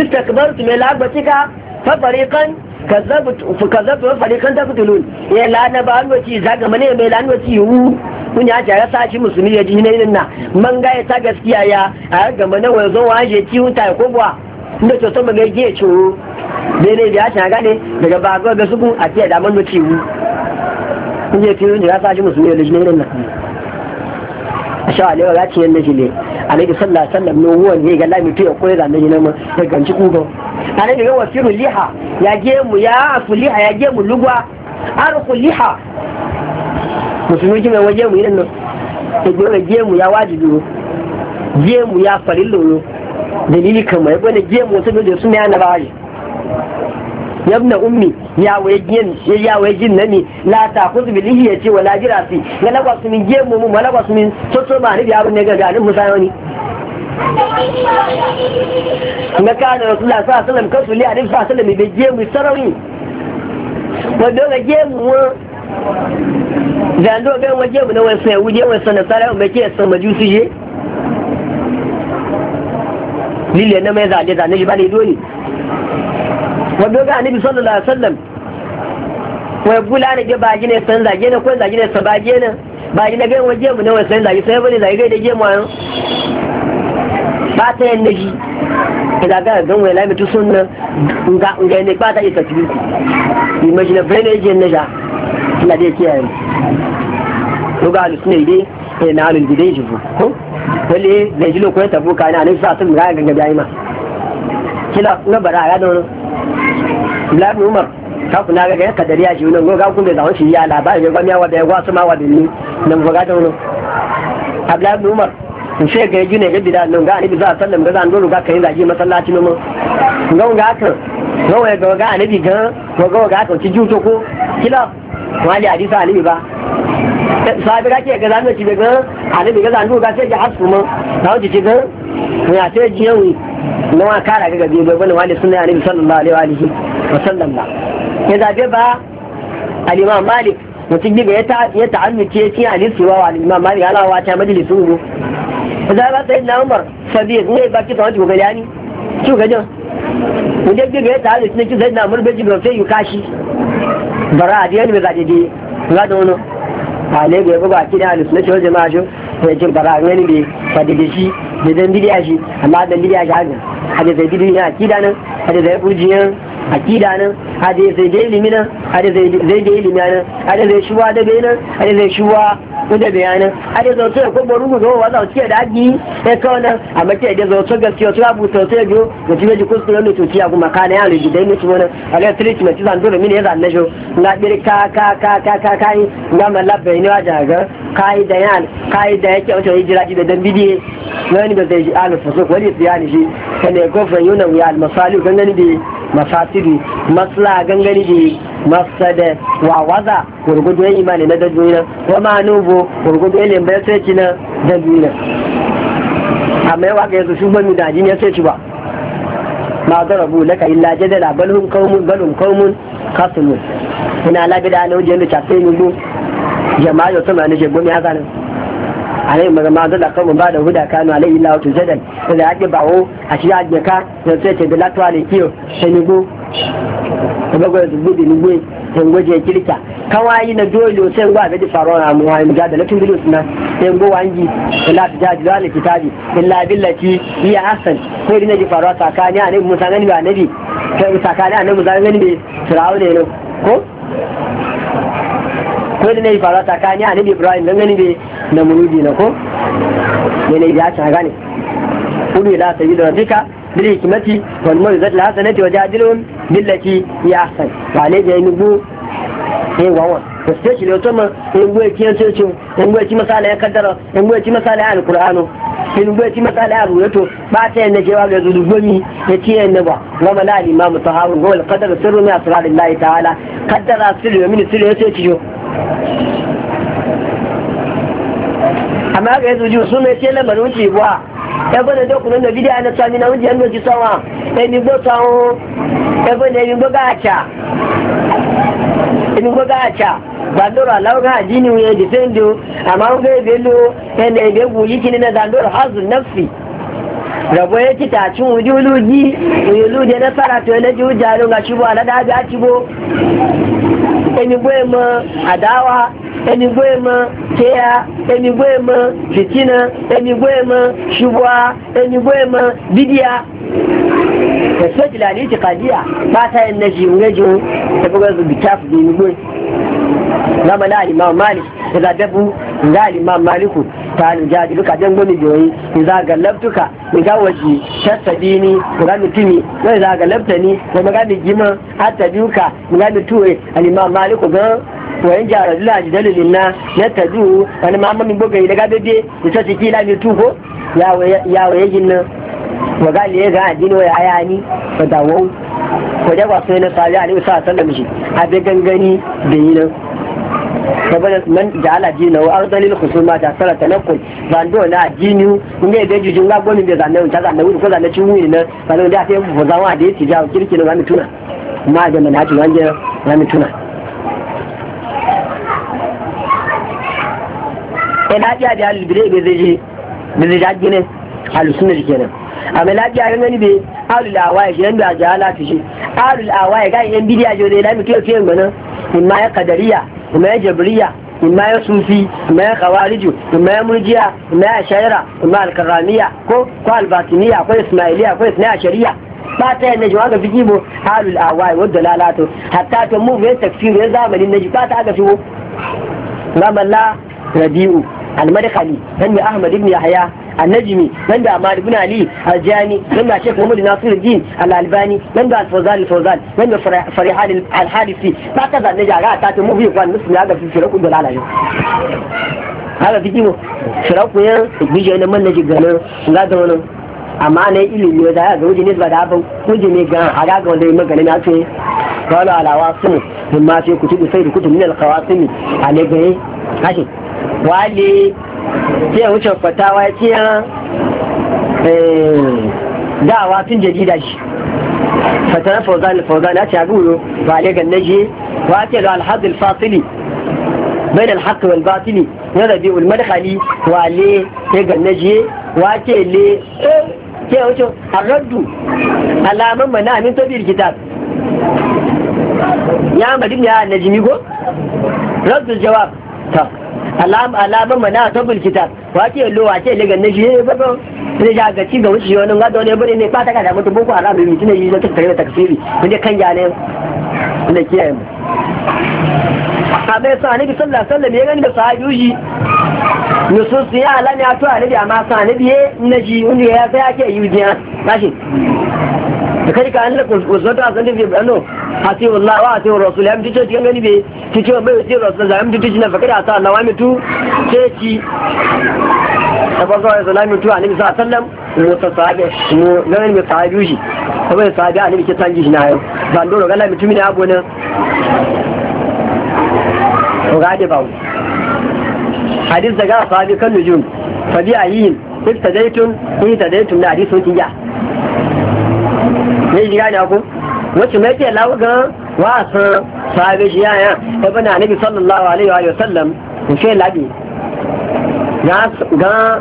استكبرت من الأكبر فطريقا kazzabtu wa farikan ta fitulun ya lana ba an zaga mane mai lana wace wu kun ya ta rasa shi musulmi ya ji hinainin na man gaya ta gaskiya ya a ga mane wa zo wa je ciwon ta ko kuwa inda to sama mai ge ciwo dai ya ta ne daga ba ga ga a ce da man wace wu kun ya yi ne rasa shi musulmi ya ji hinainin na sha Allah ya ne shi ne alaihi sallallahu alaihi wasallam huwa ne ga ya koyar da ne na ga ana wa firu liha ya je mu ya afu liha ya je mu lugwa ku liha musulmi kime waje mu irin nan da je mu ya wajibi je mu ya farillo dalili kan mai gwada je mu wasu da suna yana bayi yabna ummi ya wajin ya wajin nani la ta khud bi lihiyati wala jirasi na su min je mu mu malaba su min to to ma ni bi abun ne ga ga ni musayoni na kana rasulullah sallallahu alaihi wasallam kasu li alaihi wasallam be gemu sarauni wanda ga gemu wa zando ga wa gemu na sai wuje wasa na sarauni me ke san majusi je lile na mai zale zane shi ba ne dole wanda ga annabi sallallahu alaihi wasallam wai bula ne ga baji ne san zage ne ko zage ne sabage ne baji na ga waje mu wai sai zage sai bane zage da yau. bata yin naji ila ga gan wani lami tu sunna nga nga ne bata yi tasbih imagine brain age yan naja ila dai kiyaye to ga alusne dai sai eh, na alul bidai jibu ko wale zai ji lokacin tabu ka na nan sa sun ga ganga bai ma kila na bara ya don Ibn Umar ka kuna ga ya kadariya shi nan ga kun da zawon shi ya labari ga gwamiya wa da ya gwasu ma wa da ni nan ga don Abdullahi Ibn Umar in ce ga gina ga bidan nan ga annabi sallallahu alaihi wasallam ga zan dole ga kai zage masallaci nan ga ga ka ga wai ga ga annabi ga ga ga ga ka ci juto ko kila wali hadisi annabi ba sai ga ke ga zan ci ga annabi ga zan dole ga sai ga hasu mun na wuce ci ga mu ya sai ji yau na ma kara ga gabe ba wani wali sunna annabi sallallahu alaihi wa sallam ba ya zabe ba al-imam malik mutum ya ta'alluke cikin alisuwa wa al-imam malik alawa ta majalisun za ba sai na umar sabi ne ba ki tawaji ga yani ki ga jan mu je ga ta hali ne ki sai na umar be sai yu kashi bara adiyan be ga dide ga da wono ale ga ba ki da alu sunna wal jama'a jo sai ki bara ne ne be fa da shi da zan bidiya shi amma zan bidiya shi haka hada zai bidiya akida nan hada zai burjiyan akida nan hada zai da ilimi nan hada zai da ilimi nan hada zai shuwa da bai nan hada zai shuwa kuda bayanin a da zautu ya kuma rubu zo wa zautu da agi ya kawo nan a mace da zautu gaskiya su abu sautu ya biyo jikun su a kuma kane ya rubi yi mutum wani a ga treatment zan dole mini ya zanne jo na biri ka ka ka ka ka ka yi ga ne wajen ga kai da yan kai da yake wato yi jira da dan bidiye wani ba ya kofa yunan ya almasali da mafasidu masla gangani bi mafsada wa waza gurgudu yan imani na dabbobi nan wa ma nubu gurgudu yan lembe sai na dabbobi amma yawa ga yanzu shugaban mu daji ne sai ci ba ma zarabu laka illa jadala bal hum qaumun bal hum qaumun ina la bida na wajen da ta sai mu jama'a yau sama ne je gomi haka ne alai ma zama da kan ba da huda kanu alai illa wato zadan da ake bawo a shi ajiye ka da sai ce bila tuwale kiyo shanigo da bagwai da gudu ni gwe da gwaje kirka kawai na dole sai gwa da faruwa na mu wani da latin bilu suna sai gowa wangi da lati ta ji da kitabi illa billati iya hassan ko dina ji faruwa tsakani annabi musa gani ba annabi kai tsakani annabi musa gani ne firawo ne ko ko dina yi faruwa tsakani annabi ibrahim gani ne na muridi na ko ne ne ya ta gane kudu ila sabila rabbika bil hikmati wal mawizati al hasanati wajadilhum billati ya ahsan ba ne ga nubu eh wawa ko sai shi to ma in gwe ki an cece in gwe ki masala ya kaddara in gwe ki masala ya alqur'ano in gwe ki masala ya ruwato ba ta yanda cewa ga zudu gomi ya ce yanda ba wa mala al imam tahawu wal qadar sirru min asrarillahi ta'ala qadara sirru min sirri ya ce yo amma ga yanzu jiwu sun mai ce lamarin wuce ba ya bane da kunan da bidiya na sami na wuce yanzu ci sawa ya mi gbo sawo ya bane ya mi gbo gacha ya mi gbo gacha bandoro alau ajini wuye defendo amma wuga ya ya na ya bego yikini na dandoro hazu nafsi rabo ya ci tacin wujuluji wujuluje na fara to na ji wujalo ga shi bo na da ga ci bo eni boye mo adawa eni boye mo keya eni boye mo fitina eni boye mo shubwa eni bidiya da soji lalita kadiya ba ta yin na da alimam malik da bu alimam ta ni ja ji duka jan gwani joyi ni za ga labtuka ni ga waji tattabi ni ni ga mutumi wai za ga labta ni ko ga ni gima hatta duka ni ga mutuwe al-imam maliku ga wayan jara dula ji dalilin na na tadu wani mamman min boga daga bebe ni ta ciki la ni tuko ya waye ya waye jinna wa ga le ga adini wa ayani wa dawo ko da ba sai na sai ali sallallahu alaihi wasallam shi a be gangani da yi nan kabalat man jala ja'ala wa ardan lil khusumat asara tanaqqul bando na dinu ne da jujun ga gonin da zanne ta zanne ko zanne cin wuri na sanan da ta yi bu zawa da yace jawo kirki na mu tuna ma da man hatu wanje na mu tuna ina ja da albire be zai je be zai ja gine alusunna kenan amma la a gangani be alul shi je a jahala fi shi alul awai ga yan bidiya jo da lami ke fiye gona in ma ya kadariya in ma ya jabriya in ma ya sufi in ma ya kawariju in ma ya murjiya in ma ya shayara in ma al ko ko al ko ismailiya ko isna shari'a ba ta yadda jiwa ga fiki bo halul awai wadda lalato hatta ta mu ya tafsiru ya zamanin naji ba ta ga fiwo gamalla rabi'u al-madkhali mai ahmad ibn yahya النجمي من دا عمار بن علي الجاني من دا شيخ محمد ناصر الدين الالباني من دا الفوزان الفوزان من دا فريحان الحادثي ما كذا نجا غا تاتي مو في قوان مسلم في فرق دول على هذا في جيمو فرق يا بيجي انا من نجي غنا لا دونا amma na ilimi da ya ga wajen nisba da abin wajen ne ga a ga wanda yi maganin ya ce kawai alawa sun mun ma ce kutubu sai da kutubu ne alkawa sun ne a ne gaye wale sai wucin fatawa ya ce eh, dawa tun jarida shi fatanar fauzan fauzan ya ce a guro ba ne ganna naje wa ke da alhazul fasili bai da alhaka wal batili na rabi ulmadhali wa le ya gan naje wa ke le ke a arraddu alaman mana amin tobi rikitar ya madin ya najimi go raddul jawab ta alama mana tabul kitab wa ke lo wa ke ligan nashi eh, ne ba ne ja ga ci ga wuce wani ga dole bare ne fata ta kada mutu boko haram ne kina yi zata da takfiri ne kan ya ne ke kiyaye mu amma yasa sallar, sallallahu alaihi wasallam ya gani da sahabi nusus ya alani ato annabi amma sahabi ne ji wanda ya sai ke yi jiya tashi kai ka an la kuzo ta san ne ano ati wallahi wa ati rasul am dito ti ngani be ti ti be ti rasul am dito ti na fakira ta na wami tu ce ci ta ba zuwa zuwa mi tu ani sa sallam mu ta sahabe mu nan mi sahabi shi ta ba sahabi ani ke tangi shi na yau ban doro ga la mi tu mi abu ne to ga de ba hadis daga sahabi kan nujum fa bi ayin ibtadaytum kun tadaytum na hadisun kiyya ne ji gane ku wacce mai ce lawo ga wasu wasan sahabe shi yaya ibn annabi sallallahu alaihi wa sallam ku ce labi ga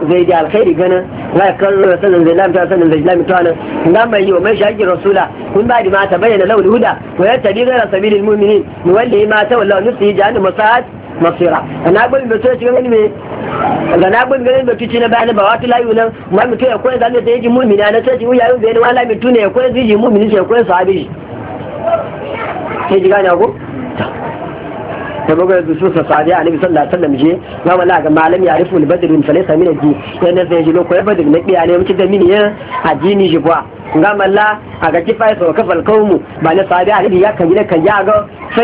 zai da alkhairi gana la kallu wa sallan zai lamta sallan zai lamta tana ga mai yi wa mai shaki rasula kun ba ma mata bayyana lawul huda wa yattabi ghayra sabilil mu'minin nuwalli ma tawalla nusyi jahannam sa'at masira ana gbani da sai cikin ilimi ga na gbani ganin da kici na bayani ba wata layu nan ma mutum ya koyi zalunta da yake mu'mina na sai cikin yayin bayani wala mutum ne ya koyi ziji mu'mini sai koyi sahabi sai ji gane ko da magana da su sa sadiya annabi sallallahu alaihi wasallam je ma wala ga malam ya rufu badrin fa falisa min ji dan da zai ji lokoi badr na biya ne wuce da min ya ajini ji ba ga malla a ga kifa ya sauka fal ba na sadiya annabi ya kan gida kan ya ga fa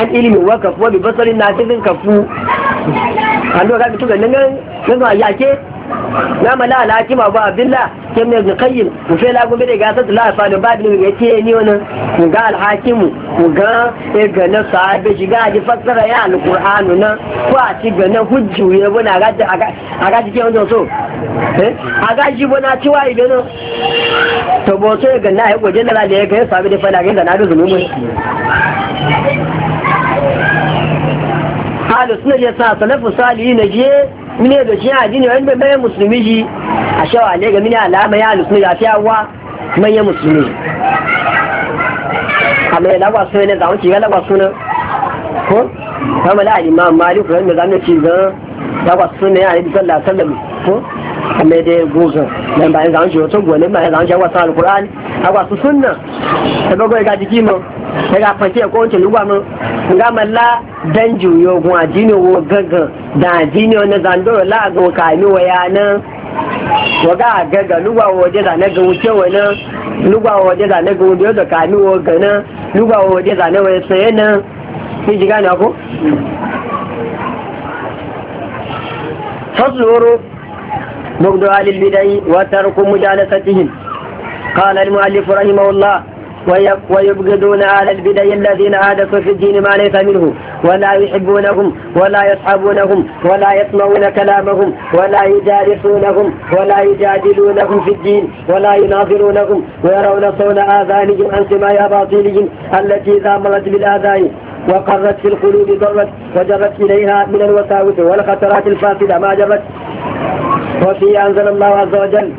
an ilmi wa kafu bi basarin nasidin kafu an do ga tuga nan nan ya ke na mala alaki ma ba abdullah ke mai ga kayyin mu fe la gobe da ga sa la fa da badin ga ke ni wani mu ga alhakimu mu ga e ga na sahabe shi ga ji fassara ya alqur'anu nan ko a ci ga na hujju ya bana ga a ga ji ke wannan so eh a ga ji bana ci wai da no to bo so ga na ya goje na da ya ga sahabe da fa da ga na da zulumin halu suna ya sa salafu salihi na je mine da shi jini wani bai musulmi ji a shawa ne ga mine alama ya alusu ya fi awa manyan musulmi amma ya lagwa suna ne zaun ci lagwa suna ko kama da alimam alifu wani da zamu ci zan lagwa suna ya alibi sallallahu alaihi ko amma dai gogan nan bayan zan shi wato gwanin bayan zan shi wa sa alquran agwa su sunna ta bago ga jiki mu ta ga fati ko wancan lugwa mu ga malla dan juyo gun ajini wo gaga da ajini wani zando la ga ka mi waya wa ga gaga lugwa waje da na ga wuce wani lugwa waje da na ga wuce da ka mi wo gana lugwa waje da na waya sai nan ki jiga na ko Fasoro بغض أهل البدع وترك مجالستهم قال المؤلف رحمه الله ويبغضون أهل البدع الذين عادوا في الدين ما ليس منه ولا يحبونهم ولا يصحبونهم ولا يسمعون كلامهم ولا يجالسونهم ولا يجادلونهم في الدين ولا يناظرونهم ويرون صون آذانهم عن سماع أباطيلهم التي إذا مرت بالآذان وقرت في القلوب ضرت وجرت إليها من الوساوس والخطرات الفاسدة ما جرت وفي أنزل الله عز وجل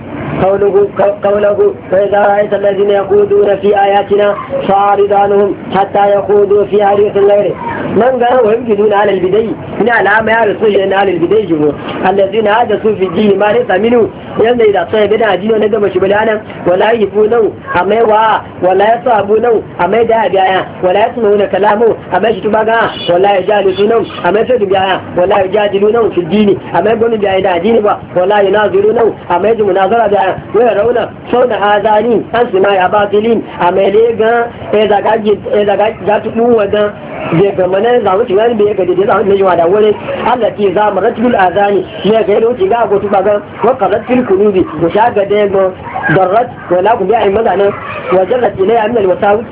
قوله, قوله فإذا رأيت الذين يقودون في آياتنا فأعرض عنهم حتى يقودوا في حديث غيره من قالوا يمجدون على البدي من علامة يعرف سجن على البدي جمهور الذين حدثوا في الدين ما ليس منه يمنى إذا صيبنا دين وندم شبلانا ولا يفونه أما يوعى ولا يصابونه أما يدعى بيعيا ولا يسمعون كلامه أما يشتبقى ولا يجالسونه أما يفيد بيعيا ولا يجادلونه في الدين أما يقولون بيعيا دين ولا يناظرونه أما يجب مناظرة بيعيا ويرون صنع ذالين أنت ما يباطلين أمريكا إذا قد إذا قد جات موضا يعني بيك منا زاوي يعني؟ تيوان بيك دي زاوي نجوا دا ولي هلا تي زام رتب الأذان يا غيرو تيجا قط بعدا وقرت في القلوب وشاق دينو درت ولا كم يعني ماذا أنا وجرت إليه من الوساوس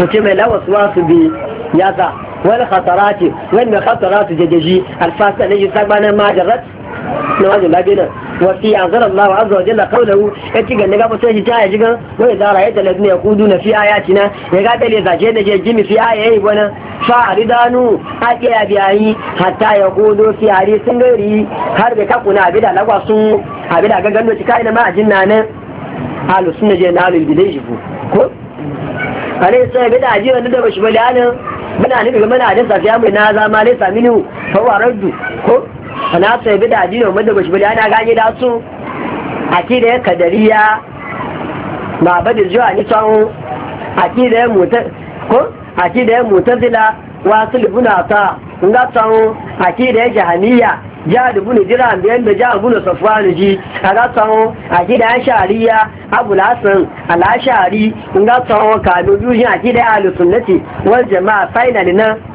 وكما لا وسواس بي يذا ولا خطرات ولا خطرات ججي الفاس الذي سبنا ما جرت نواجه لا Wasu ansararraba azuwar jina ɗauke da hu Eke gane ka fi sa shi ta yaya shi ka yi da hala ayoyin da na na yadda na na ya yi aci na da ya kada ya yi aciyar na kuma jima ya yi aciyar na yi aciyar na yi gwana fa a ri danu ake a bi a yi a taya ko doki a yi a ri tsangayi ri har bai takuna a bi da alakwa sun a da agangar na ta ka yi a yi na ma a na a suna jiya na a yi ana sai bi da addini mu da bashi ana gani da su akida ya kadariya ma da jiwa ni san da ya mutar ko a da ya mutazila wasil buna ta nga a akida ya jahaniya jihar bunu jira biyan da jihar bunu safwanu ji a ga tsawon a gidan shari'a abu lasin alashari Nga tsawon kamin yujin a gidan alusunnati wal jama'a finally nan